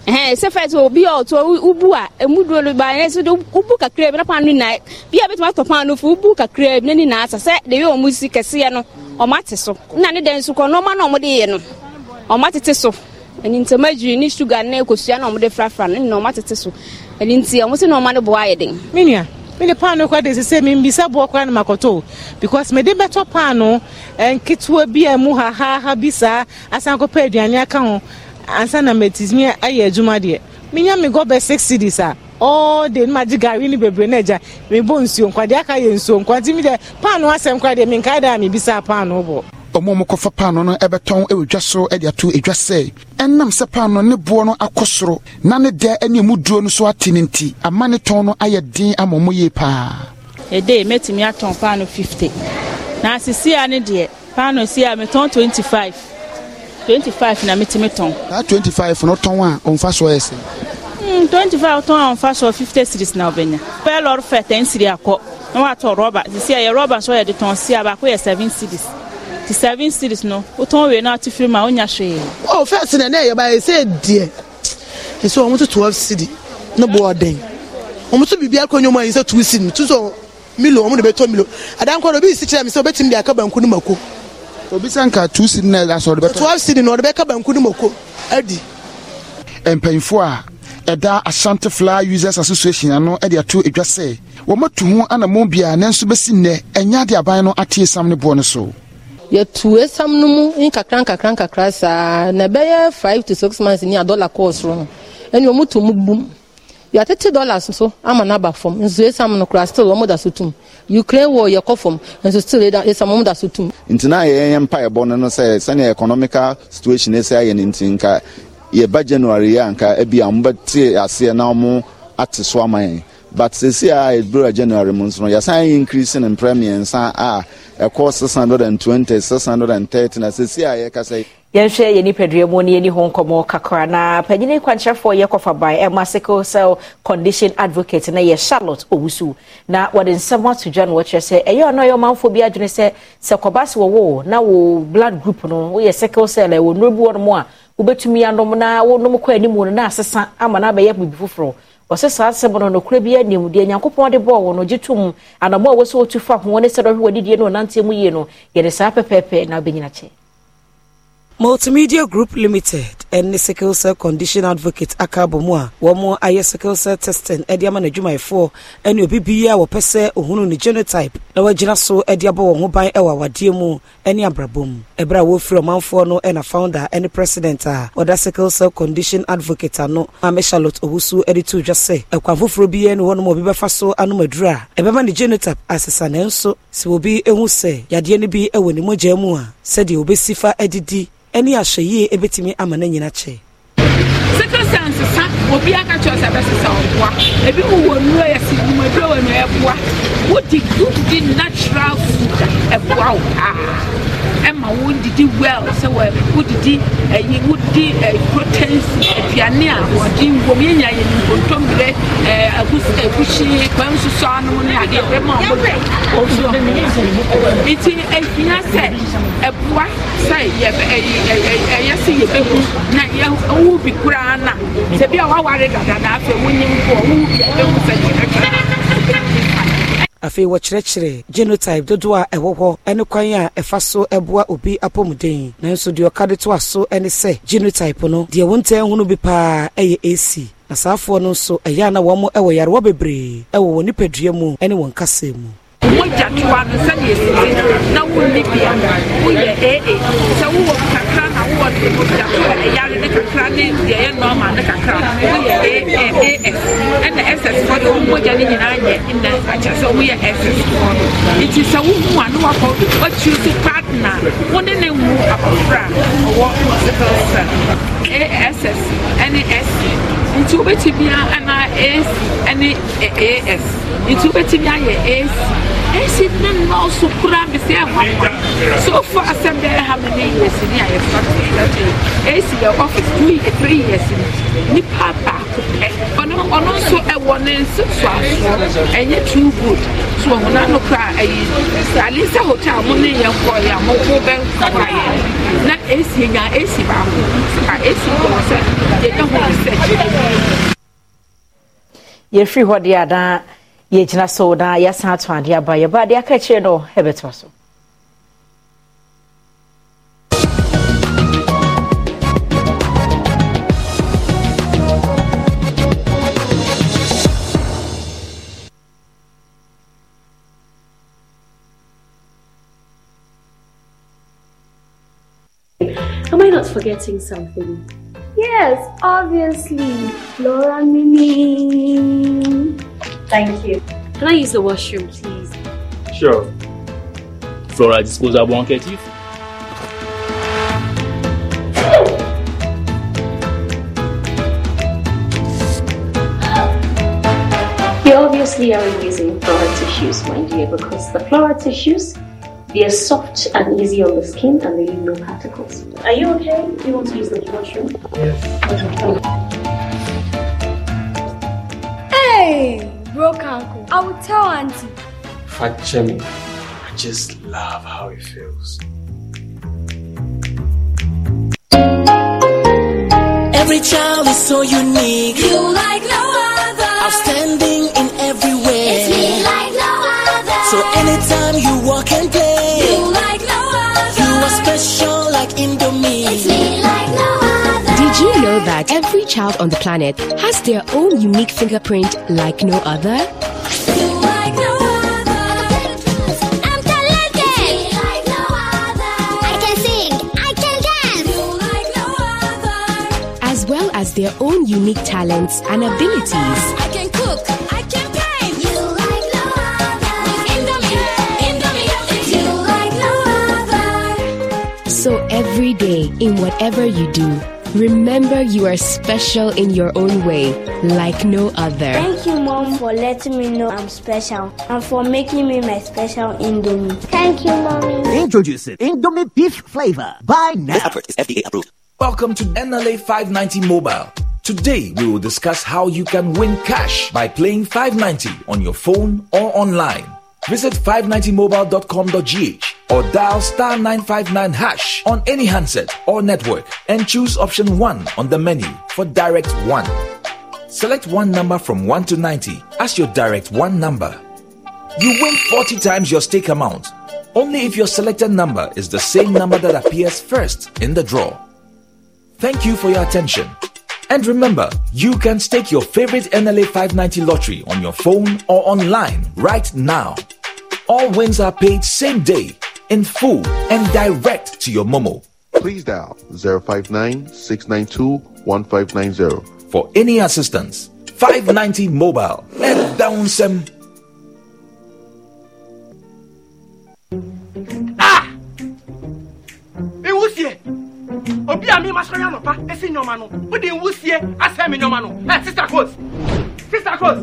ɛhɛn sɛ obi a ɔtɔ ubu a emu duro no baa ɛnso e de ubu kakra bi na paano nyinaa bi a bɛtuma atɔ paano fo ubu kakra bi na nyinaa sɛ sɛ de yɛ ɔmo si kɛseɛ no ɔmo ate so na ne dɛ nso kɔ nɔɔma na ɔmo de yɛ no. ɔmo atete so ɛni nti ɔmo adwiri ne suga ne kosua na ɔmo de frafra no ɛni na ɔmo atete so ɛni nti ɔmo si na ɔmo ano bo ayɛ den. minua mene paano kora de sese membisa boɔ kora no makɔtɔ because mede bɛtɔ paano nketewa bi a mu hahaha bi saa asan kɔpɛ aduane aka ho ansa na matumi ayɛ adwuma deɛ menya me gɔbɛ six cities a all day no magye gari no bebree no agya mebɔ nsuo nkwadeɛ aka yɛ nsuo nkwa nti me deɛ paano asɛm kora deɛ menkae da a mebisa paano bɔ ɔmo mokɔfa paano no ɛbɛtɔn ɛwɔ dwa so ɛde ato edwa sɛ ɛnam sɛ paano ne boɔ no akɔ soro na ne dɛ ɛne mu duro no so ate ne nti ama ne tɔn no ayɛ den ama ɔmo yie paa. ede mɛtumi atɔn paano fifty na asisi a ne deɛ paano si a metɔn twenty five twenty five na metumi tɔn. saa twenty five no tɔn a ɔnfa so ɛsɛ. Mm, twenty tɔn a ɔnfa so fifty series na ɔbɛnya bɛɛ lɔri fɛ ten series akɔ na watɔ rɔba sisi a yɛ rɔba nso yɛ de tɔn si a baako yɛ seven series ti seven series no wotɔn wei na ati firi mu a wonya hwee. o fɛs na ne yɛ ba ese deɛ nso wɔn to twelve series ne bɔ ɔden wɔn to biribi akɔ nyɔmu ayi sɛ two series tu so milo wɔn de bɛ tɔ milo adankɔ do bi si kyerɛ mi sɛ obetumi de aka banku ne mako. obi sɛ nka two series na ɛda so ɔde bɛ tɔ. twelve series na ɔde bɛ ka banku ne mako adi. mpanyinfoɔ a ɛda ashanti flower users association ano de ato adwa sɛ wɔmatu ho anammɔn biara nanso bɛsi nnɛ ɛnyɛ ade aban no atee sam ne boɔ no so yɛtu esam no mu nkakra nkakra nkakra saa na ɛbɛyɛ five to six months ni a dollar course no ɛni wɔn to mu bum yɛatete dollars nso ama no aba fam nso esam no koraa still wɔn da so tum ukraine wɔ yɛkɔ fam nso still esam wɔn da so tum. nti na yɛyɛ mpa ɛbɔ no no sɛ sɛnea economical situation ɛsɛ ayɛ ne nti nka yɛba january yɛ anka ebi a wɔbɛte aseɛ na wɔn ate so ama yɛn but sisi a ebura january mu nso no yɛsan increase ne mpɛ mmiɛnsa a. ɛkɔ 620 630 na sɛsi a yɛka sɛ yɛnhwɛ yɛ nipadua mu ne yɛni ho nkɔmmɔ kakra na panyini kwankyerɛfoɔ yɛkɔfa ban ɛma sickle cell condition advocate na yɛ charlotte owusu na wɔde nsɛm ato dwa no wɔkyerɛ sɛ ɛyɛ ɔno ɔyɛ ɔmanfoɔ bi adwene sɛ sɛ kɔba se wɔwo na wo blood group no woyɛ sickle cell ɛwɔ nnuro bi wɔ no mu a wobɛtumi anom na wonom kɔ anim no na asesa ama no abɛyɛ biribi foforɔ ɔsɛ saa sɛm no nokora bi anim deɛ nyankopɔn de bɔɔ wo no gye tom anammoa a wɔ sɛ wɔtu fa ho ne sɛ dɔhwe didie no ɔnanteɛ mu yie no yɛde saa pɛpɛɛpɛ na wobɛnyina kyɛ multimedia group limited ɛne sickle cell condition advocate akabo mu a wɔn ayɛ sickle cell testing ɛde ama n'adwumayɛfoɔ ɛne obi biara wɔpɛ sɛ ohunu ne genotype na wɔagyina so ɛde abɔ wɔn ho ban ɛwɔ awadeɛ mu ɛne abrabɔ mu ɛberɛ a wɔfiri ɔmanfoɔ no ɛna founder ɛne president a ɔda sickle cell condition advocate ano maame charlotte owusu ɛde to dwa sɛ ɛkwan foforɔ biara ne hɔnom obi bɛfa so anom aduru a ɛbɛma ne genotype asesa nanso sɛ obi ehu sɛ yadeɛ no bi ɛwɔ ne mogya mu a sɛdeɛ wobɛsi fa adidi ne ahwɛyie bɛtumi ama no nyina kyɛ second sense sa obi aka kyerɛ sɛ ɛbɛsesa ɔboa ebi mu wɔ nnuro yɛ si mu ebi wɔ nnuro ɛboa wodi wodi natural food ɛboa wo paa ɛma wodidi well sɛ wɔ wodidi ɛyi wodi ɛ proteins aduane a wɔde wɔ mu yɛnya yɛ nkontombire ɛ agusi egusi kwan soso ano ne adeɛ bɛ ma ɔmo ɔmo nti ehia sɛ ɛboa sɛ yɛ ɛyi ɛyɛ sɛ yɛ bɛ hu na yɛ ɔwɔ bi kura ana sɛ bi a waware dadada afei wonyim kɔ wowu biade hu sɛ kyerɛkyerɛ afei wɔkyerɛkyerɛ genotype dodoɔ a ɛwɔ hɔ ne kwan a ɛfa so ɛboa obi apɔmuden nanso deɛ ɔka de to aso ne sɛ genotype no deɛ wontaa hunu bi paa ɛyɛ ac asaafoɔ no nso ɛyɛ a na wɔn wɔ yarewa bebree ɛwɔ wɔn nipadua mu ne wɔn kasa mu mogya toa no sɛdeɛ sisi na wonni bia woyɛ aa sɛ wowɔ kakra na wɔde yɛakɔ ɛyare ne kakra ne deɛ ɛyɛ normal ne kakra no yɛ as ɛna ss fɔ de wɔn mogya ne nyinaa nyɛ nna akyɛ sɛ woyɛ ss fɔ no nti sɛ a ne wakɔ wakyiri so partner wo ne ne wu akɔfra ɔwɔ sickle cell s nti wobɛtumi ana as ɛne as nti wobɛtumi ayɛ as ɛsi ne nɔɔso kura mi sɛ ɛhɔ kwan so far asɛm bɛyɛ ha mene years ni a yɛfa tɛtɛ ɛsi yɛ ɔfis two years three years ni nipa baako pɛ ɔno ɔno nso ɛwɔ ne nso so asoɔ ɛnyɛ too good so ɔmo na no kura ɛyi ale sɛ hotel mo ne yɛ kɔ yɛ mo ko bɛ nkɔla yɛ na ɛsi nya ɛsi baako a ɛsi kɔ sɛ yɛnyɛ ho research. yɛfiri hɔ deɛ adaa yɛgyina so na yɛasan ato adeɛ aba yɛba adeɛ aka akyire no ɛbɛtoa so Am I not forgetting something? Yes, obviously, Laura Mimi. Thank you. Can I use the washroom, please? Sure. Flora disposable handkerchief. You obviously are using flora tissues, my dear, because the flora tissues they are soft and easy on the skin and they leave no particles. Are you okay? Do you want to use the washroom? Yes. Okay. Hey! broke ankle. I will tell Auntie. Fracture I just love how it feels. Every child is so unique. You like no other. Outstanding in every way. It's me like no other. So anytime you walk and play, you like no other. You are special. every child on the planet has their own unique fingerprint like no other? Like Like no other. I can sing. I can dance. Like no other. As well as their own unique talents and abilities. I can cook. I can paint. You like no other. Indomie. Indomie. You like no other. So every day, in whatever you do, Remember, you are special in your own way, like no other. Thank you, Mom, for letting me know I'm special and for making me my special Indomie. Thank you, Mommy. Introducing Indomie Beef Flavor. by now. This is FDA approved. Welcome to NLA 590 Mobile. Today, we will discuss how you can win cash by playing 590 on your phone or online. Visit 590mobile.com.gh or dial star 959 hash on any handset or network and choose option 1 on the menu for direct 1. Select one number from 1 to 90 as your direct 1 number. You win 40 times your stake amount only if your selected number is the same number that appears first in the draw. Thank you for your attention. And remember, you can stake your favorite NLA 590 lottery on your phone or online right now. All wins are paid same day, in full, and direct to your Momo. Please dial 059 for any assistance. 590 Mobile. And down some. Ah! Hey, what's here? obi a mi ma sɔrɔ yan nɔpa esi nyɔma no o de wu sie asɛ mi nyɔma no ɛ sista kos sista kos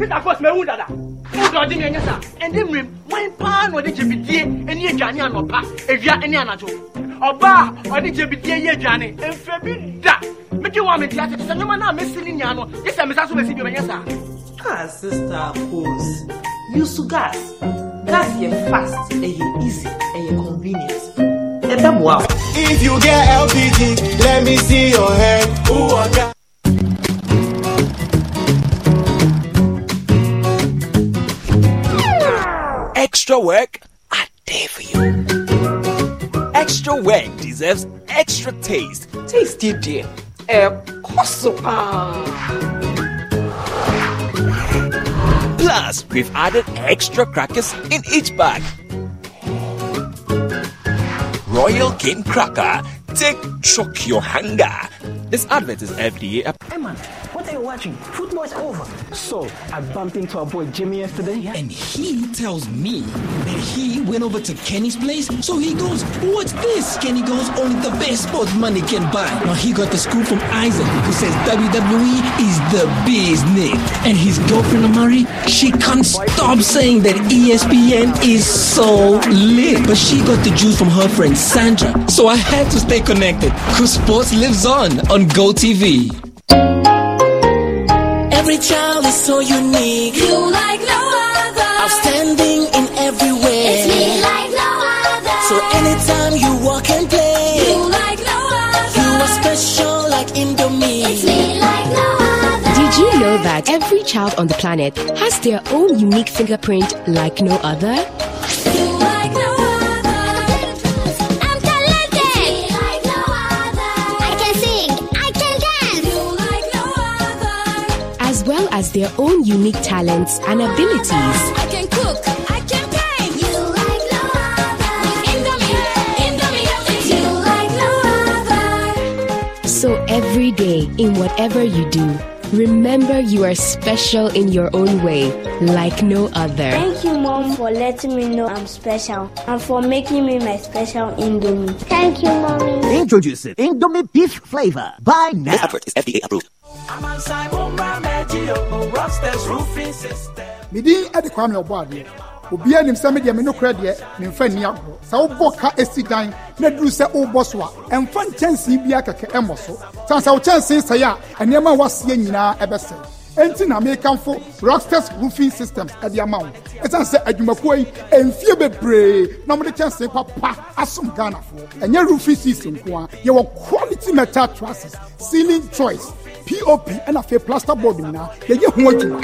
sista kos mɛ wu dada wu dɔɔdi mi ɛnyɛ sa ɛnde mìíràn wɔn paa na ɔde gyebidie ɛni aduane anɔpa ewia ɛni anadzo ɔbaa ɔde gyebidie yɛ aduane nfɛ bi da midi wɔn a mi di ati sɛ nyɔma naa mi si ni nyaa no yi sɛ mi sa so si bi ɛnyɛ sa. ah sista kos yusu gas gas yɛ fast ɛyɛ eh, easy ɛyɛ eh, convenient. ẹ̀bẹ̀ bùa o. if you get LPG let me see your head. Ooh, okay. Extra work, I dare for you. Extra work deserves extra taste. Tasty dear. Eh, also, ah. Plus, we've added extra crackers in each bag Royal Game Cracker. Take, chuck your hunger. This advert is FDA approved tell you football is over. So I bumped into our boy Jimmy yesterday, yeah? and he tells me that he went over to Kenny's place. So he goes, "What's this?" Kenny goes, "Only the best sports money can buy." Now he got the scoop from Isaac, who says WWE is the business, and his girlfriend Amari, she can't stop saying that ESPN is so lit, but she got the juice from her friend Sandra. So I had to stay connected, cause sports lives on on Go TV. Every child is so unique. You like no other. Outstanding in every way. It's me like no other. So anytime you walk and play. You like no other. You are special like Indomie. It's me like no other. Did you know that every child on the planet has their own unique fingerprint like no other? You like no as their own unique talents and abilities. I can cook. So every day, in whatever you do, remember you are special in your own way, like no other. Thank you, Mom, for letting me know I'm special and for making me my special Indomie. Thank you, Mommy. Introducing Indomie Beef Flavor by now. This effort is FDA approved. medin de kwame ɔbɔ adeɛ obiara nim sɛ medeɛ me nokorɛ deɛ memfa nni agorɔ sɛ wobɔ ka ɛsi dan na duru sɛ wobɔ so a ɛmfa nkyɛnsee biara kɛkɛ ɛmmɔ so sane sɛ wo kyɛnsee sɛe a ɛnneɛma a woaseɛ nyinaa ɛbɛsɛe ɛnti na mekamfo rockstars roofing systems ɛde e ama wo ɛsiane sɛ adwumakuo yi ɛmfie bebree na mode kyɛnsee papa asom ghanafoɔ ɛnyɛ roofing season nko a yɛwɔ quality metal trusses ceiling choice pop ɛna afei plaster board nyinaa yɛyɛ ho adwuma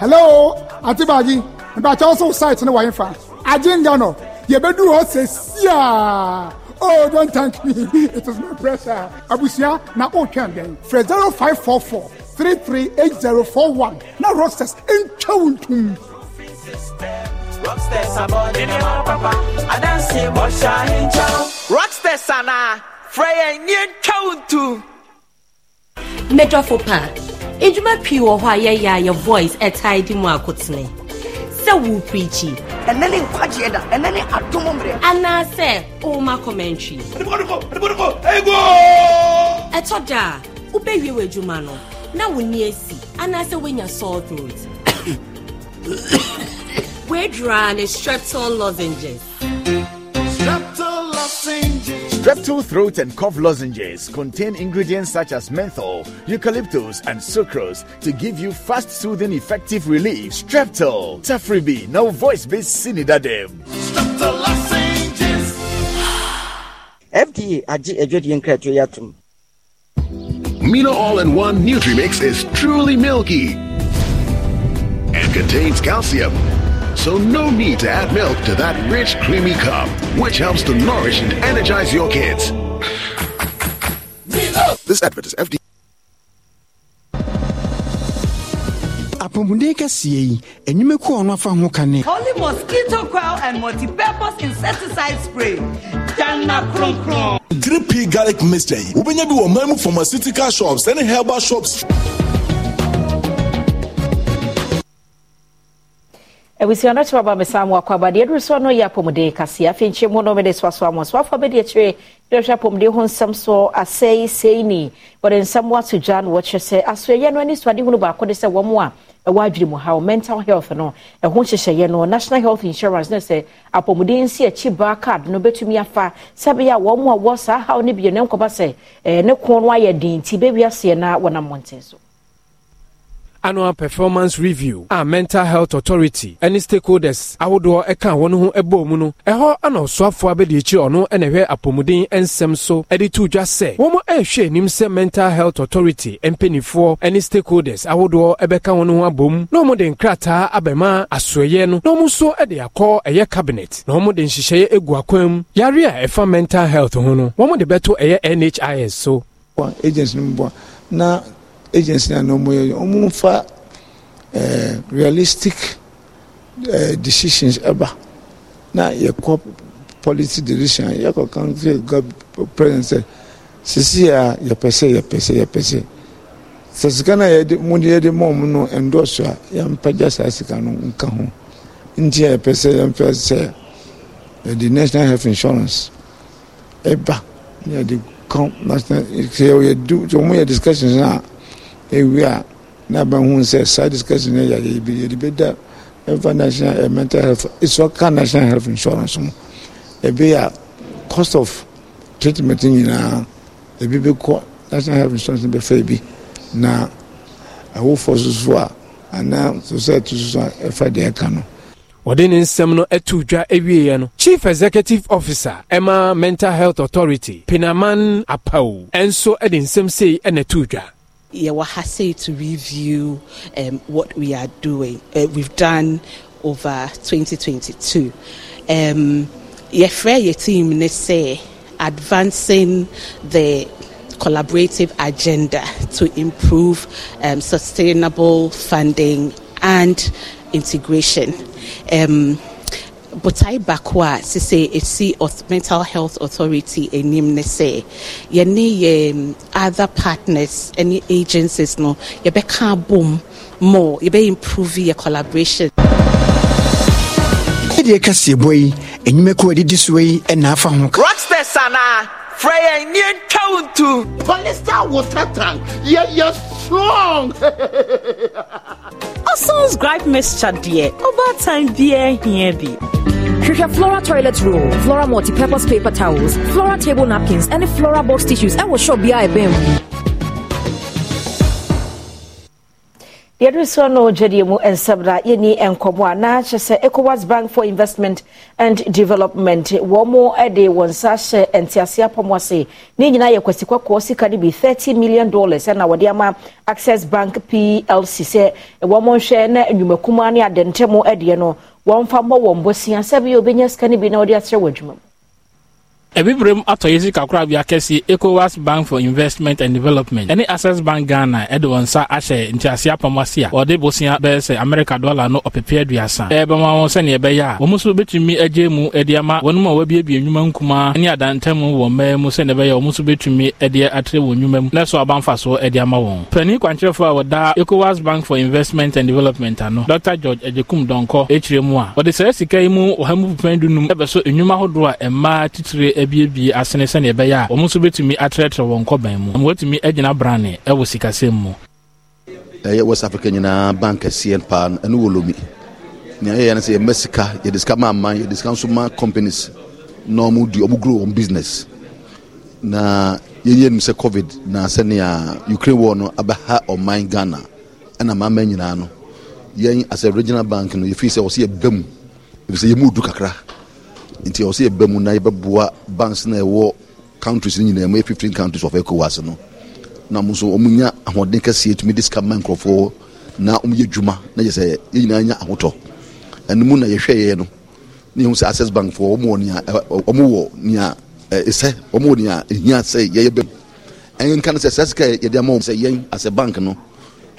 hello ate baagye mpakyɛw so site no wɔyɛ fa agye nya no yɛbɛduru hɔ sɛ siaa oh don't thank me [LAUGHS] it is my pressure abusua na ɔretwɛn dɛn frɛ zero five four four three three eight zero four one na rosters ntwa wo ntum. Rockstars abɔde ne ma papa adansi bɔ hyɛ ahenkyɛw. Rockstars ana frɛ yɛn nye ntwa wo mmadwafo paa edwuma pii wɔ hɔ a yɛyɛ a yɛ voice ɛtae di mu akotene sɛ wo preakyi ɛnɛ ne nkwagyeɛ da ɛnɛ ne adom mmerɛ anaasɛ woma commentary ɛtɔ da a wobɛwie w'adwuma no na wo nni asi anaasɛ woanya salt road [COUGHS] wɔaduraa ne streptol lozenges Septal throat and cough lozenges contain ingredients such as menthol, eucalyptus, and sucrose to give you fast soothing effective relief. Streptil, Tafribi, now voice based Sinidadem. Streptil lozenges. [SIGHS] FDA, Aji Ejodi Nkretoyatum. Mino All in One Nutrimix is truly milky and contains calcium so no need to add milk to that rich, creamy cup, which helps to nourish and energize your kids. This advert is FD. apɔmuden kɛseɛ yi enyim eku ɔno afa ho kane. holy mosquito coil and multi-purpose insecticide spray dana kronkron. three p garlic mixture yi wobɛnya bi wɔ mamu pharmaceutical shops ɛne herbal shops. abusua no kyerɛ ba mesa mo akɔ abadeɛ duru soɔ no yɛ apɔmuden kaseɛ afei nkyɛ mu no mede soasoa mmoasoafoɔ bɛde akyire dɛhwɛ apɔmuden ho nsɛm soɔ asɛe sei ni wɔde nsɛm wo ato gya no wɔkyerɛ sɛ asoɛyɛ no ani soade hunu baako de sɛ wɔn a ɛwɔ e adwiri mu haw mental health no ɛho e nhyehyɛeɛ no national health insurance no sɛ apɔmuden si akyi e baa card no bɛtumi afa sɛbea a wɔn a wɔ saa haw no bi no nkɔba sɛ ne ko no ayɛ den nti bɛwi aseɛ na wɔnam mmɔnten so annual performance review a mental health authority ne stakeholders ahodoɔ ɛka wɔn ho ɛbɔ mu no ɛhɔ ana ɔsoafoɔ abɛdi akyire ɔno na ɛhwɛ apɔmuden nsɛm so de to dwa sɛ wɔn ɛrehwɛ anim sɛ mental health authority mpanimfoɔ ne stakeholders ahodoɔ ɛbɛka wɔn ho abɔ mu na wɔn de nkrataa abɛma asoɛyɛ no na wɔn nso de akɔ ɛyɛ cabinet na wɔn de nhyehyɛeɛ egu akwan mu yare a ɛfa mental health ho no wɔn de bɛto ɛyɛ nhis so. agency no na agency na na ɔmo yɛ ɔmo nfa realistic ɛɛ decisions ɛba na yɛkɔ policy decision yɛkɔ country gov president sɛ sisi a yɛpɛ sɛ yɛpɛ sɛ yɛpɛ sɛ sɛ sika na yɛde mu de yɛde mɔ ɔmo no ɛndɔɔso a yɛmpagya saa sika no nka ho nti a yɛpɛ sɛ yɛmpɛ sɛ yɛde national health insurance ɛba yɛde kɔn national yɛdu ɔmo yɛ discussions na ewie a na bɛhu sɛ saa discussion yɛ yɛayɛ bi yɛde bɛda ɛmfa national uh, mental health ɛsɛ ka national health insurance mu ebi a cost of treatment nyinaa ebi bɛkɔ national health insurance bɛfa bi na awofoɔ soso a anaa society soso a ɛfa deɛ ɛka no wɔde ne nsɛm no atu dwa awieeɛ no chief executive officer ɛma mental health authority pinaman apao ɛnso de nsɛm sei ɛna atu dwa Yewa Hase to review um, what we are doing, uh, we've done over 2022. Um, Yefre ye team say advancing the collaborative agenda to improve um, sustainable funding and integration. Um, botae baako a sese esi mental health authority anim ne sɛ yɛne yɛ mm, other partners any agencies no yɛbɛka abom more yɛbɛ improve your collaboration. afa ho water tank strong. [LAUGHS] Watson's gripe mixture dear. Over time dear here be. Hwehwɛ Flora toilet roll, Flora multi-purpose paper towels, Flora table napkins, any Flora box tissues ɛwɔ shop bi a ɛbɛn mu. yɛduru so no gyadeɛ mu nsɛm na yɛni nkɔmmɔ a na kyerɛ sɛ ecowas bank for investment and development wɔn e de wɔn nsa hyɛ ntease apam ase ne nyinaa yɛ kwasikɔkɔɔ sika no bi thirty million dollars ɛna wɔde ama access bank plc sɛ wɔn nhwɛ na nnwumakumaa ne adɛntɛm e deɛ no wɔmfa mmɔ wɔn bosea sɛbi obɛnya sika no bi na wɔde akyerɛ wɔ adwuma mu ebibirim atɔ yi sika korabea kɛseɛ ecowas bank for investment and development ɛne access bank ghana ɛde wɔn nsa ahyɛ ntease apam ase a wɔde bosea bɛyɛ sɛ america dollar no ɔpepe aduasa ɛbɛma e, wɔn sɛnea ɛbɛyɛ a wɔn nso betumi agye mu ɛde ama wɔn mu a wɔabiebie nnwuma nkumaa ne adantam wɔ mmaa mu sɛnea ɛbɛyɛ wɔn nso betumi ɛde atere wɔn nnwuma mu na so abanfasoɔ ɛde ama wɔn panyin kwankyerɛfoɔ a wɔda ecowas bank for investment and development ano dr george agyekum dɔnkɔ ekyire mu a wɔde sɛ sika yi mu ɔhamu pupɛn dunum so nnwuma ahodoɔ a e mmaa titire e abiebie asene sɛnea ɛbɛyɛ a wɔn nso bɛtumi atrɛtrɛ wɔn kɔban mu wɔn wɔtumi agyina brane ɛwɔ sikasɛm mu. ɛyɛ west africa nyinaa bank kɛseɛ paa ɛne wɔ lomi nea yɛyɛ no sɛ yɛmɛ sika yɛde sika ma aman yɛde sika nso ma companies na ɔmo di ɔmo grow wɔn business na yɛyɛ nim sɛ covid na sɛnea ukraine war no abɛha ɔman ghana ɛna mama nyinaa no yɛn as a regional bank no yɛfii sɛ ɔsɛ yɛba mu ɛfisɛ yɛmu du kakra nti ɔsɛ yɛbɛ mu na yɛbɛboa banks na ɛwɔ countries no nyinaa mu yɛ fifteen countries of ecowas no na mo nso ɔmo nya ahoɔden kɛseɛ tumi de sika nkurɔfoɔ na ɔmo yɛ adwuma na yɛ sɛ yɛ nyinaa nya ahotɔ ɛno mu na yɛhwɛ yɛ no ne yɛn sɛ access bank foɔ ɔmo wɔ nea ɔmo wɔ nea ɛsɛ ɔmo wɔ nea ehia sɛ yɛyɛ bɛ ɛnka no sɛ sɛ sika yɛde ama wɔn sɛ yɛn asɛ bank no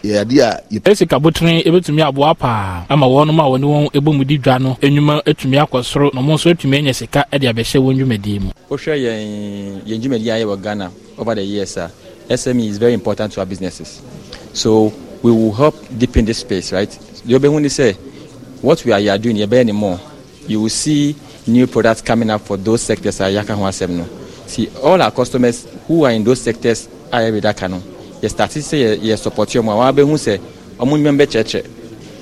yɛde a. ɛsi kabotire ebetumi aboa paa ama wɔn a wɔne wɔn ebɔ mu di dwa no enyuma etumi akɔ soro na wɔn nso etumi anya sika de abɛhyɛ wɔn dwumadie mu. wohwɛ yɛn yɛn dwumadie a wɔ ghana over the years a sme is very important to our businesses so we will help deepen this space right deɛ ɔbɛhu ni sɛ what we are, are doing yɛbɛyɛ ne more you will see new products coming up for those sectors a yɛaka ho asɛm no see all our customers who are in those sectors ayɛ bi daka no yɛ start sɛ yɛ yɛ support wɔn a wɔn abɛhu sɛ wɔn nneɛma bɛkyerɛkyerɛ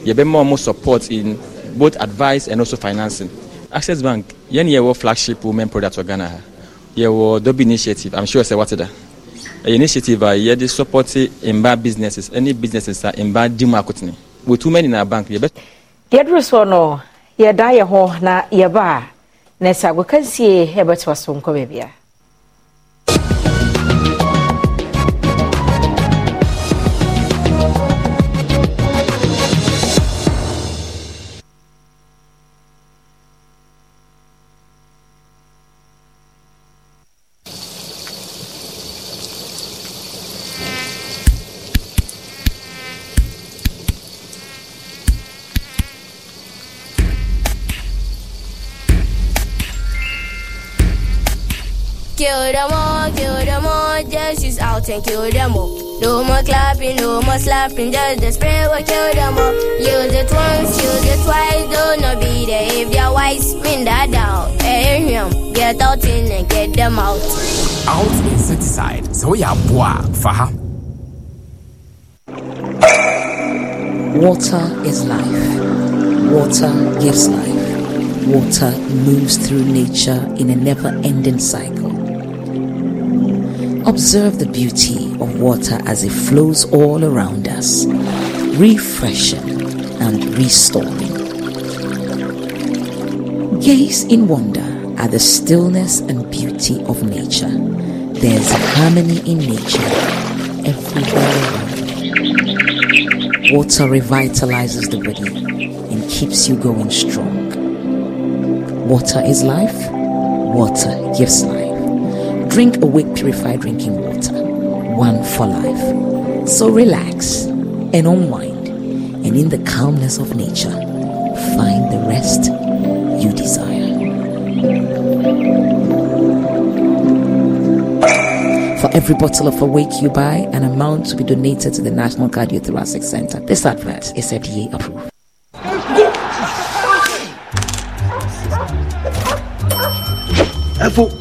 yɛbɛma wɔn support in both advice and also financing access bank yɛn ni yɛwɔ flagship women product wɔ ghana ha yɛwɔ dobi initiative i'm sure sɛ wate da ɛyɛ e initiative a yɛde support mba businesses ɛne businesses a mba di mu akotene wɔtu mɛ nyinaa bank yɛbɛ. yɛduru so no yɛda yɛ ho na yɛba a na ɛsɛ agokansie ɛbɛtoa so nkɔ baabia kill them all, kill them all. Yeah, she's out and kill them all. No more clapping, no more slapping. Just the spray will kill them all. Use it once, use it twice. Don't not be there if your wife wise. Spin that down. Hey, get out in and get them out. Out is city side. So yeah, boah, faha. Water is life. Water gives life. Water moves through nature in a never ending cycle. Observe the beauty of water as it flows all around us, refreshing and restoring. Gaze in wonder at the stillness and beauty of nature. There's harmony in nature everywhere around. Water revitalizes the body and keeps you going strong. Water is life. Water gives life. Drink Awake Purified Drinking Water, one for life. So relax and unwind, and in the calmness of nature, find the rest you desire. For every bottle of Awake you buy, an amount to be donated to the National Cardiothoracic Center. This advert is FDA approved. Apple.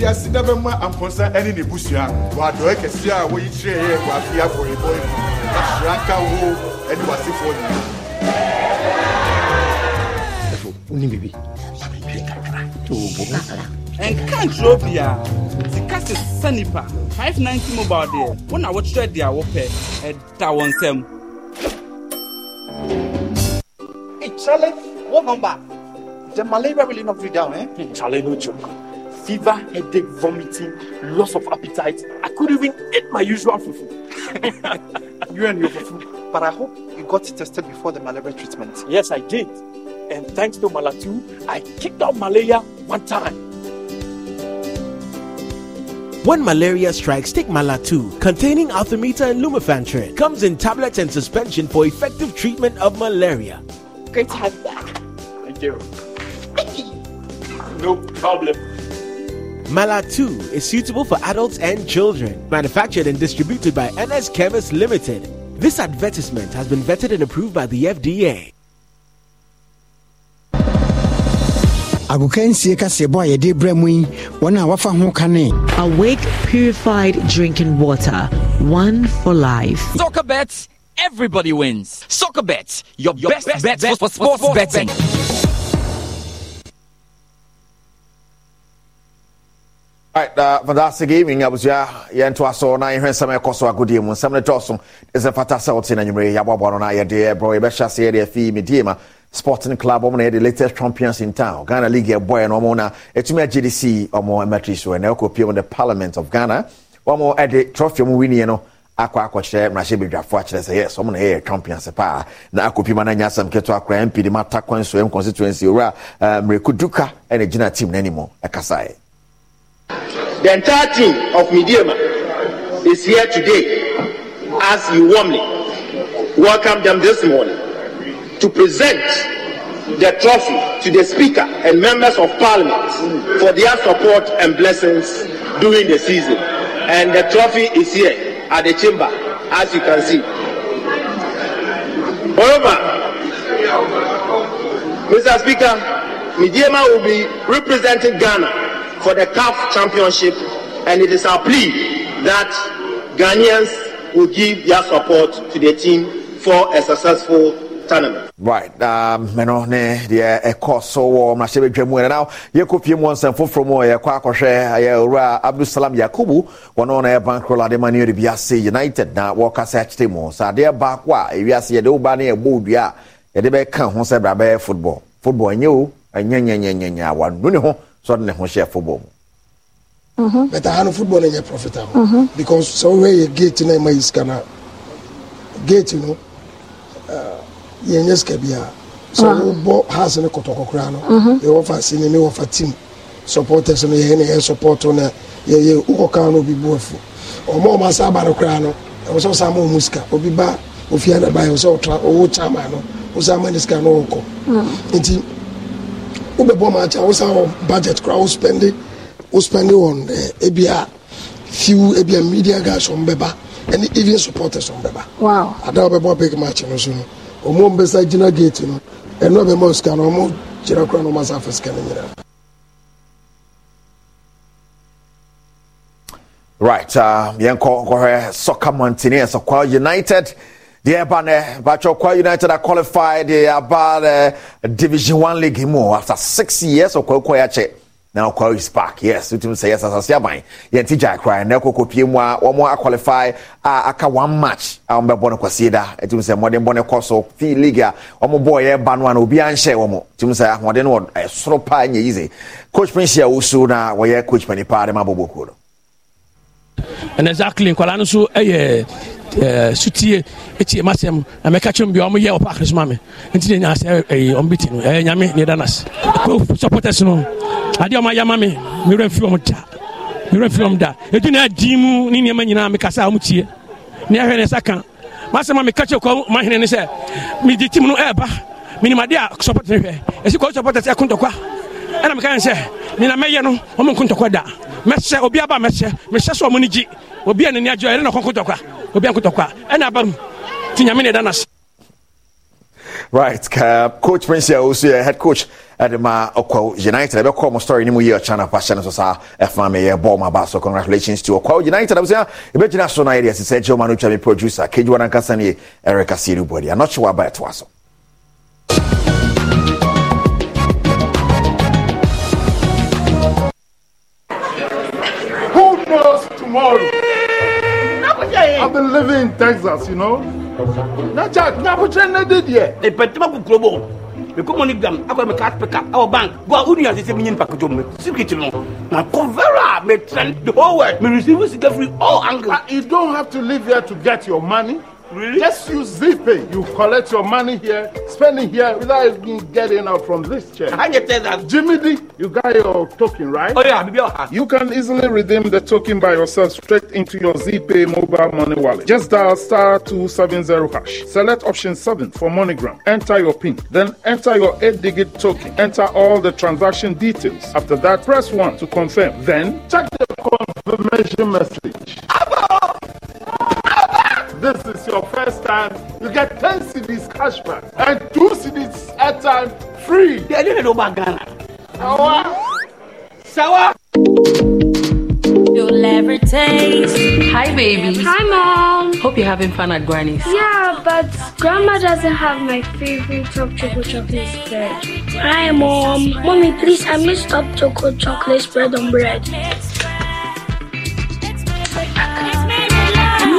de ase da bɛma ampɔnsa ne busua wɔ adɔe kɛseɛ a wɔyi kyerɛeɛ wɔ afe afɔrebɔ yi mu ahyira nka wo ne w'asefoɔ nyinaa nka nturo bia sika sesa nipa 590 mobile deɛ wo wokyerɛ deɛ wopɛ ɛda wɔ nsɛm Charlie, what number? The malaria will not be down, eh? Charlie, no joke. fever, headache, vomiting, loss of appetite. I could even eat my usual fufu. [LAUGHS] you and your fufu. But I hope you got tested before the malaria treatment. Yes, I did. And thanks to Malatu, I kicked out malaria one time. When malaria strikes, take Malatu, containing Arthemeter and Lumefantrin. Comes in tablets and suspension for effective treatment of malaria. Great to have you back. Thank you. no problem. Malatu is suitable for adults and children. Manufactured and distributed by NS Chemist Limited. This advertisement has been vetted and approved by the FDA. awake purified drinking water one for life soccer bets everybody wins soccer bets your, your best, best bet, bet for sports, sports betting, betting. Right, uh, fantastic uh, uh, evening abusua um, yɛntoa uh, so na yɛhwɛ nsɛm ɛkɔ so agodie mu nsɛm no dɔso ɛsɛ fata sɛ wote no anwummere yɛaboaboa no no yɛde brɛ yɛbɛhyɛ ase yɛde afii medie ma sporting club ɔmo um, na latest champions in town ghana league ɛbɔɛ no ɔmo na ɛtumi agye de sii ɔmo matri so ɛnɛ ɔkɔpie mu the parliament of ghana ɔmo ɛde trophy ɔmo um, winnie no akɔ akɔkyerɛ mmarahyɛbadwafoɔ akyerɛ sɛ yes ɔmo eh, na ɛyɛ champions paa na akɔpi ma no anya asɛm ketewa mp de ma ata kwan constituency owura mmerɛku duka ɛna gyina team no anim ɛkasaeɛ eh, The entire team of Medema is here today as you warmly welcome them this morning to present the trophy to the Speaker and members of Parliament for their support and blessings during the season. And the trophy is here at the chamber, as you can see. Moreover, Mr. Speaker, Medema will be representing Ghana for the CAF Championship, and it is our plea that Ghanaians will give their support to the team for a successful tournament. Right, um, you know, ne deɛ ɛkɔ so wɔ mmarahyɛ badwa mu ɛna now yɛkɔ pie mu nsɛm foforɔ mu a yɛkɔ akɔhwɛ ɛyɛ owura abdulsalam yakubu wɔne ɔna ɛban koro lade ma ne yɛde bi ase united na wɔkasa akyerɛ mu sɛ adeɛ baako a ewiase yɛde woba ne yɛbɔ odua a yɛde bɛka ho sɛ bra bɛyɛ football football ɛnyɛ o ɛnyɛ nyɛnyɛnyɛnyɛ a wanu ne ho so ɔde ne ho hyɛ football mu. Mm-hmm. bɛtɛ ha football no yɛ profitable. because sɛ wohwɛ yɛ gate na ɛma yi sika na gate no yɛnyɛ sika biara sɛ wobɔ house no kɔtɔkɔ no yɛwɔ fa ne wɔfa team supporters no yɛyɛ ne yɛ support no yɛyɛ wokɔka no obi bu afu ɔma ɔma sa aba no koraa no ɛwɔ sɛ wosa ma ɔmu sika obi ba ofie na ba yɛ wo sɛ ɔwo kyama no wo sa ne sika no wɔkɔ nti wobɛbɔ match a wosan wɔ budget kora wo spende wo spende wɔn eh, ebi a few ebi a media guys wɔn bɛba ɛne even supporters wɔn bɛba ada wobɛbɔ big match no so no wɔn mbɛsa gyina gate no ɛnu abɛma osika no wɔn gyina kora no wɔn asa afɛ sika no nyinaa. Right, uh, Yanko Gore, Soccer Mountaineers, Aqua United deɛ ɛba nɛ batwɔkwa united aqualified deɛ aba uh, division one league mu oh, after six years ɔkwa kɔ yɛakyɛ na ɔkwa is back yes wotumi sɛ yes asase aban yɛnti gyae koraa ɛnɛ kɔkɔ pie mu a wɔn aqualify a aka one match a uh, wɔn bɛbɔ no kɔsie da ɛtumi sɛ mmɔden bɔ kɔ so fii league a wɔn bɔɔ yɛ ba no a na obi anhyɛ wɔn tumi sɛ ahoɔden no wɔ ɛsoro paa nyɛ yize coach panhyia wosuo na wɔyɛ coach panipaa de ma bɔ bɔ no ɛnɛ zakli nkwadaa no nso eh, yɛ sutie eti eh, ɛma eh, sɛm na mɛka kyerɛ mu bi ɔmo yɛ ɔpa akirisima mi nti ne nyaasɛ ɛyi ɔmo bi ti no ɛyɛ nyame ne danas ko supporters no adeɛ ɔmo ayɛ ama mi mi wura fi ɔmo da mi wura fi ɔmo da edu na adi mu ne nneɛma nyinaa mi kasa ɔmo tie ne ahwɛ ne nsa kan masɛ ma mi ka kyerɛ kɔ ma hene ne sɛ mi di tim no ɛɛba minimadeɛ a supporters hwɛ esi kɔ supporters ɛkontɔkwa. ɛna meka ne sɛ menamɛyɛ no ɔmo nko da mɛsɛ obi aba mɛsɛ mehyɛ sɛ ɔmo no gye obi a nani agye ɛne na ɔkɔ nkotɔkwa obi a nkotɔkwa ɛna aba mu nti nyame ne ɛda no right coach prince also uh, head coach Ma Okwa United. I call my story in your channel passion so sa FMA ball my bass. So congratulations to Okwa United. I'm saying a bit national ideas. It's a Joe Manucha, producer, Kejuan Kasani, Erica Siru Body. I'm not sure about it. tomorrow. I've been living in Texas, you know. That chat, Nabuchan, I did here. They put up a global. Me come money gram, I got my cash pick up, our bank. Go out, Unia, they say, Minion Package, me, secret alone. Now, Covera, me trend the oh, whole world. Me receive free all oh, angles. Ah, you don't have to live here to get your money. Really? Just use ZPay. You collect your money here, spend it here without even getting out from this chair. How you tell that. Jimmy D, you got your token, right? Oh, yeah, maybe I'll You can easily redeem the token by yourself straight into your ZPay mobile money wallet. Just dial star 270 hash. Select option 7 for MoneyGram. Enter your PIN. Then enter your 8 digit token. Enter all the transaction details. After that, press 1 to confirm. Then check the confirmation message this is your first time, you get 10 CDs cashback and 2 CDs at time free. Yeah, you know about Ghana. Sawa. Sawa. You'll ever taste. Hi, babies. Hi, mom. Hope you're having fun at Granny's. Yeah, but grandma doesn't have my favorite top chocolate chocolate spread. Hi, mom. Mommy, please, I miss top chocolate chocolate spread on bread.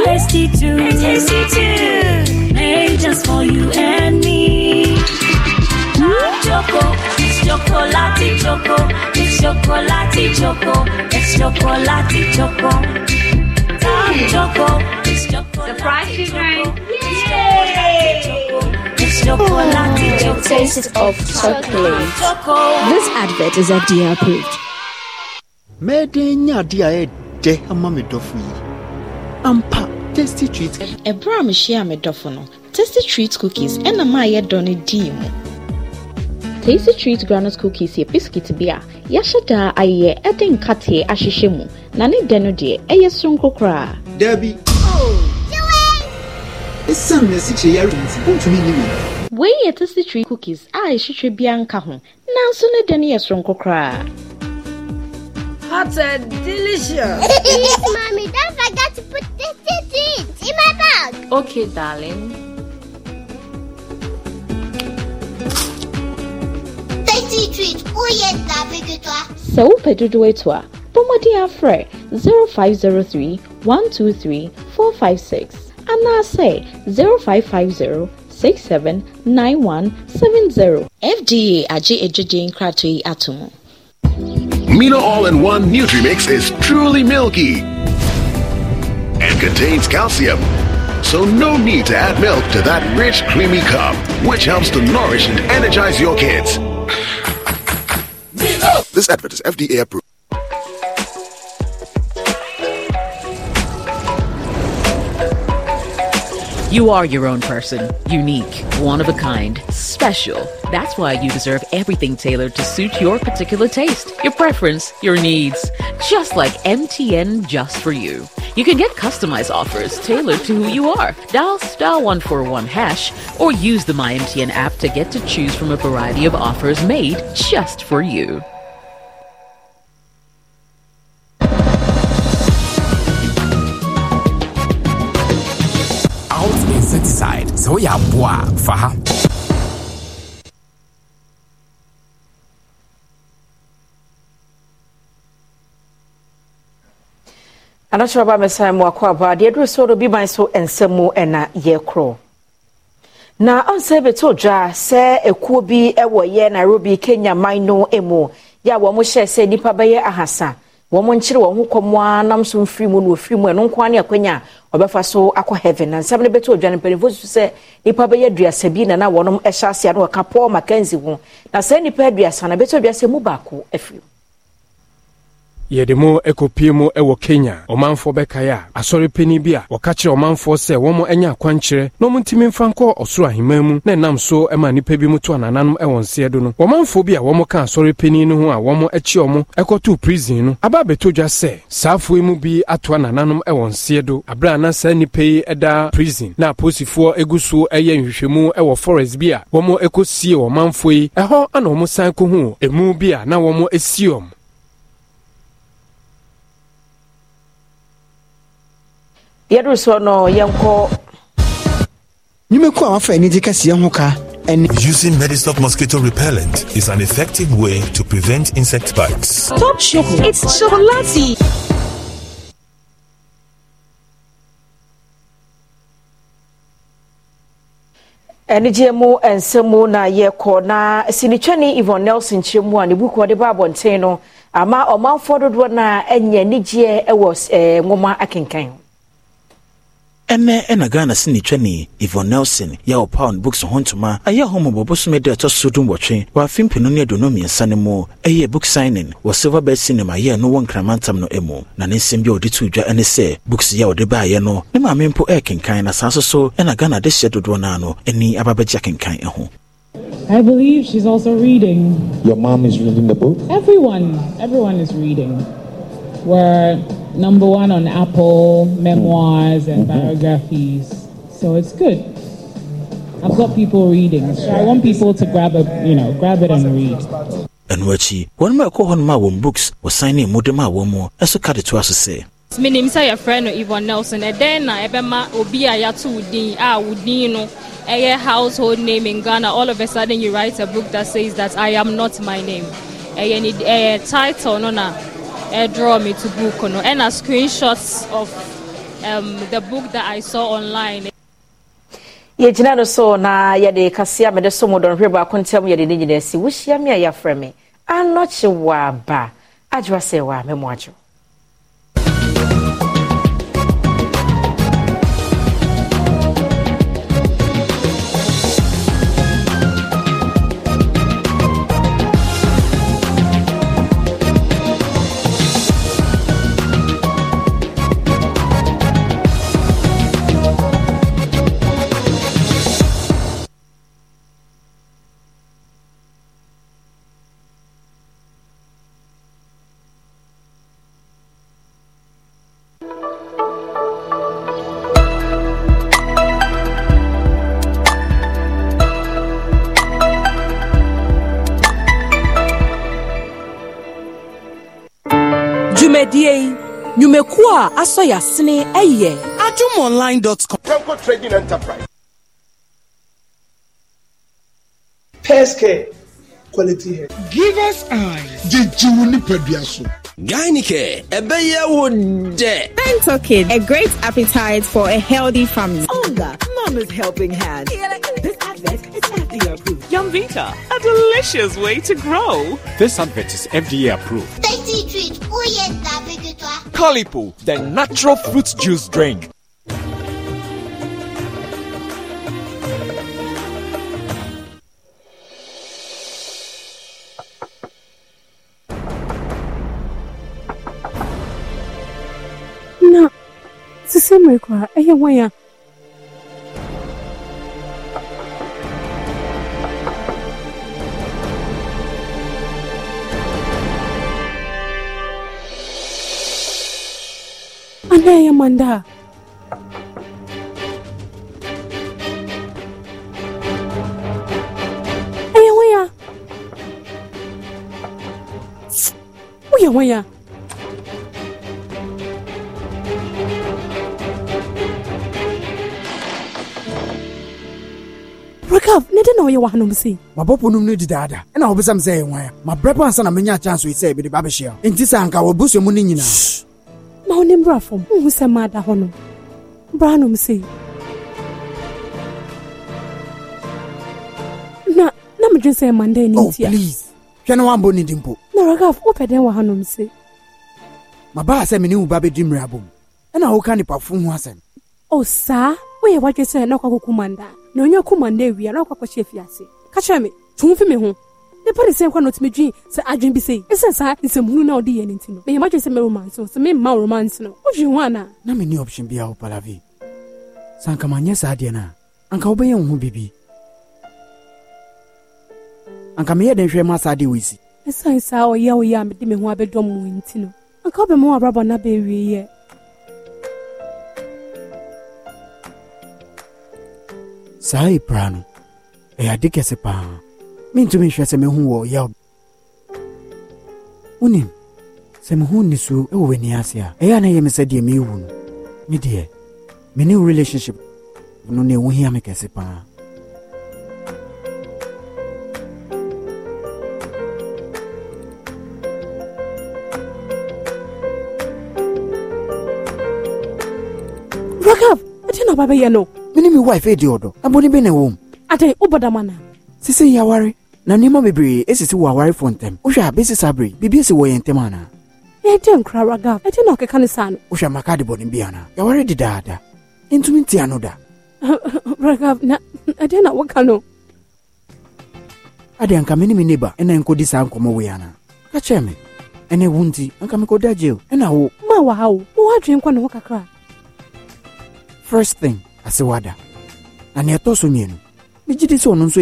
tasty too. And tasty too. Made just for you and me. Choco, it's chocolate choco. It's chocolate choco. It's chocolate choco. Tom choco. It's chocolate. Surprise children. It's chocolate choco. Oh, taste of chocolate. This advert is FDA approved. Made in Yadia, Dehamamidofui. ampa tasty treat. ɛberɛ a mehyia me dɔfo no tasty treat cookies ɛna ma a yɛdɔ no dii tasty treat groundnut cookies yɛ biscuit bi a yɛahyɛ daa ayeyɛ ɛde nkateɛ ahyehyɛ mu na ne dɛ no deɛ ɛyɛ soronko koraa daabi ɛsiane na asikyerɛ yɛare nti wontumi nni me wei yɛ tasty treat cookies a ɛhwehwɛ biara nka ho nanso ne dɛ no yɛ soronko Hot and delicious. yes, mommy, want to put this seeds in my bag. Okay, darling. sɛ wopɛ dodoɔ atu a bɔmmɔden afrɛ 0503 123 456 0550 fda agye adwogye in yi ato Mino All in One Nutri Mix is truly milky and contains calcium. So no need to add milk to that rich, creamy cup, which helps to nourish and energize your kids. This advert is FDA approved. You are your own person, unique, one of a kind, special. That's why you deserve everything tailored to suit your particular taste, your preference, your needs. Just like MTN Just For You. You can get customized offers tailored to who you are. Dial star 141 hash or use the MyMTN app to get to choose from a variety of offers made just for you. Out is side. So ya boah, anakyerɛ ba mesan mu akɔ aboa deɛ duru so no bi ban so nsɛm mu ɛna yɛkorɔ na ɔnsɛ bɛtɔ dwa sɛ ekuo bi ɛwɔ yɛ nairobi kenya man no mu yɛ a wɔn hyɛ sɛ nipa bɛyɛ ahasa wɔn nkyerɛ wɔn ho kɔmɔa nam so mfiri mu na ofiri mu ɛno nkoa ne akwanya ɔbɛfa so akɔ heaven na nsɛm no bɛtɔ dwa no mpanyinfo so sɛ nipa bɛyɛ aduasa bi na na wɔn hyɛ aseɛ no wɔka paul mackenzie ho na sɛ nipa aduasa na bɛtɔ aduasa mu baako afiri mu yɛde mu ɛkɔpie mu ɛwɔ kenya ɔmanfoɔ bɛkae a asɔrepani bi a wɔka kyerɛ ɔmanfoɔ sɛ wɔn anya akwankyerɛ na ɔmontumi mfa nkɔ ɔsoro ahemman mu na ɛnam so ɛma nnipa bi mu to anananom ɛwɔ nseɛ do no ɔmanfoɔ bi a wɔn ka asɔrepani no ho a wɔn akyi ɔmo ɛkɔtoo prison no aba abɛto dwa sɛ saafoɔ yi mu bi ato anananom ɛwɔ nseɛ do aberɛ na saa nnipa yi ɛda prison na apolisifoɔ egu so ɛyɛ nhwehwɛmu ɛwɔ forest bi a wɔn ɛkɔsie ɔmanfoɔ yi ɛhɔ ana wɔn san kɔhu emu bi a na wɔn esi wɔn no yɛnkɔ a wafa kɛseɛ ho ka using Medistop mosquito repellent is an effective way to prevent insect bites. Stop shopping. It's chocolatey. anigyeɛ mu nsɛm na yɛkɔ na sinitwani yvon nelson kyerɛ a ne buku ɔde abɔnten no ama ɔmanfoɔ dodoɔ no a ɛnyɛ anigyeɛ wɔ nwoma akenkan ho ɛnɛ ɛna ghana sene twa ne nelson yɛ ɔpaw ne books ho ntoma ɛyɛ homobɔ bosome da ɛtɔ so dum wɔtwe wɔ afe mpenu ne aduonu mmiɛnsa no mu ɛyɛ book signing wɔ silverbet cinema yɛɛ no wɔ nkramantam no mu na ne nsɛm bi a ɔde too dwa ne sɛ books yɛ ɔde baayɛ no ne maame mpo ɛɛkenkan na saa nso so ɛna ghana de hyɛ dodoɔ no no ani ababɛgye akenkan ho I believe she's also reading. Your mom is reading the book? Everyone. Everyone is reading. Where number one on Apple, memoirs and mm-hmm. biographies. So it's good. I've got people reading, so I want people to grab a, you know, grab it and read. And what she, ma my co a wɔn books was signing, "Mudema Womo," wɔ mu ɛso to us to aso sɛ menim sɛ yɛfrɛ no evon nelson ɛdɛn na ɛbɛma obi a yɛato wo din a ah, wo din no ɛyɛ eh, household name in ghana all of a sudden you write a book that says that i am not my name ɛyɛ ne ɛyɛ title no na draw me to book no, and a screenshots of um, the book that I saw online. yɛgyina no so na yɛde kasea mede so mu dɔnhwere baako ntam yɛde ne nyina asi wohyia me a yɛafrɛ me anɔkye wɔ aba adwoa sɛ wɔ a me mo a asɔ yɛ asene ɛyɛ. adumonline.com. temple trading enterprise. Pescare quality hair. Give us eyes. Jejiwu nipadua so. Gynecare, ɛbɛyɛ wo dɛ. Pentokin, a great appetite for a healthy family. Onda, mama's helping hand. This advert is FDA approved. Yumvita, a delicious way to grow. This advert is FDA approved. Tasty treat. Oh yes, avec toi. Calipo, the natural fruit juice drink. No, it's the same way. anayemwandaa eyeweya uyeweya rakav ne dɛ na ɔyɛ wahano m sei mabɔpo nom no di daada ɛna wobɛsam sɛ ɛyɛ hwan a mabrɛ pa ansa na menya chance o oi sɛ mede ba bɛhyia enti sɛ anka wɔbusua mu no nyinaa ma wo ne mmra fam wohu sɛ maada hɔ nom bra nom sei na na medwen sɛ ɛma nda ani oh, ntia hwɛ no wambɔ ne di mpo na ragaf wopɛ dɛn wɔ ha nom se mabaa sɛ mene wo ba bɛdi mmara bom ɛna woka nipafo ho asɛm o saa woyɛ wadwe sɛ na wokɔ kɔkumanda na onya kumanda awia na wokɔ kɔhyɛ afiase ka kyerɛ me to wo fi me ho nipa de sɛ kɔ nɔtɛmɛ dwi sɛ adwene bi sɛ ɛsɛ saa nsɛmhunu na ɔde yɛ ne nti no mɛyɛ madwe sɛ mɛ romance no sɛ memma romance no wodwe ho anaa na menni option bi a wo palavi sɛ anka manyɛ saa e deɛ no a e anka wobɛyɛ wo ho biribi anka meyɛ dɛn hwɛ ma saa deɛ wɔsi ɛsiane saa ɔyɛ woyɛ a mede me ho abɛdɔm wo nti no anka wobɛma wo abrabɔ no abɛwieyɛ saa ɛpira no ɛyɛ ade kɛse paa mentumi nhwɛ sɛ mehu wɔ yaw wonim sɛ mehu nisuo wɔ w'ani ase a ɛyɛ a na ɛyɛ me sɛ deɛ meewu no me deɛ me ne relationship no na ɛwo hia me kɛse paa Rakab, ɛti na ɔba bɛyɛ no mene me wife ɛdi ɔdɔ abɔne bɛ na ɛwɔ m ade wobɔdama no sisɛ yɛaware na nneɛma bebree esisi wɔ awarefo ntɛm wohwɛ a besi saa biribi esi wɔ yɛn ntɛm anaa ɛdɛ nkorawa gaf ɛdɛ na ɔkeka ne saa no wohwɛ maka de bɔne bi anaa yɛware de daada ntumi ntia no da [LAUGHS] ragav na ɛdɛ na woka no ade anka me ne me neba ɛna nkɔdi saa nkɔmmɔ wei anaa ka mi me ɛne wo nti anka mekɔda gyeo ɛna wo ma waha wo wowɔ adwene nkɔ ne ho kakra first thing asewada na nea ɛtɔ so mmienu megye di sɛ ɔno nso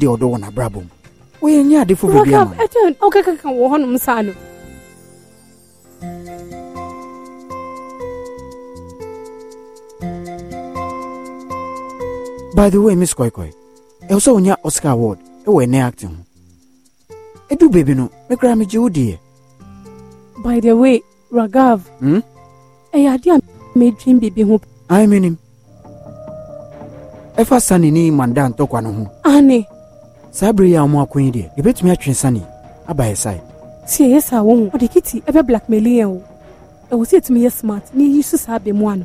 deɛ ɔdɔ wɔ n'abrabɔ mu woyɛ nyɛ ade foforɔ bi ama wokakaka wɔ hɔnom saa no by the way miss koikoi ɛwɔ sɛ wonya oscar award ɛwɔ ɛnɛ acting ho ɛdu baabi no mekora megye wo deɛ by the way ragav hmm? ɛyɛ hmm? ade a medwen biribi ho ae menim ɛfa sane ne manda ntɔkwa no ho ane saa bere yi a ɔmo akɔ yi deɛ yɛbɛtumi atwe sani aba yɛ sae tie yɛ saa wɔ ɔde kiti ɛbɛ blackmail yɛn o ɛwɔ sɛ yɛtumi yɛ smart ni yi so saa abɛmu ano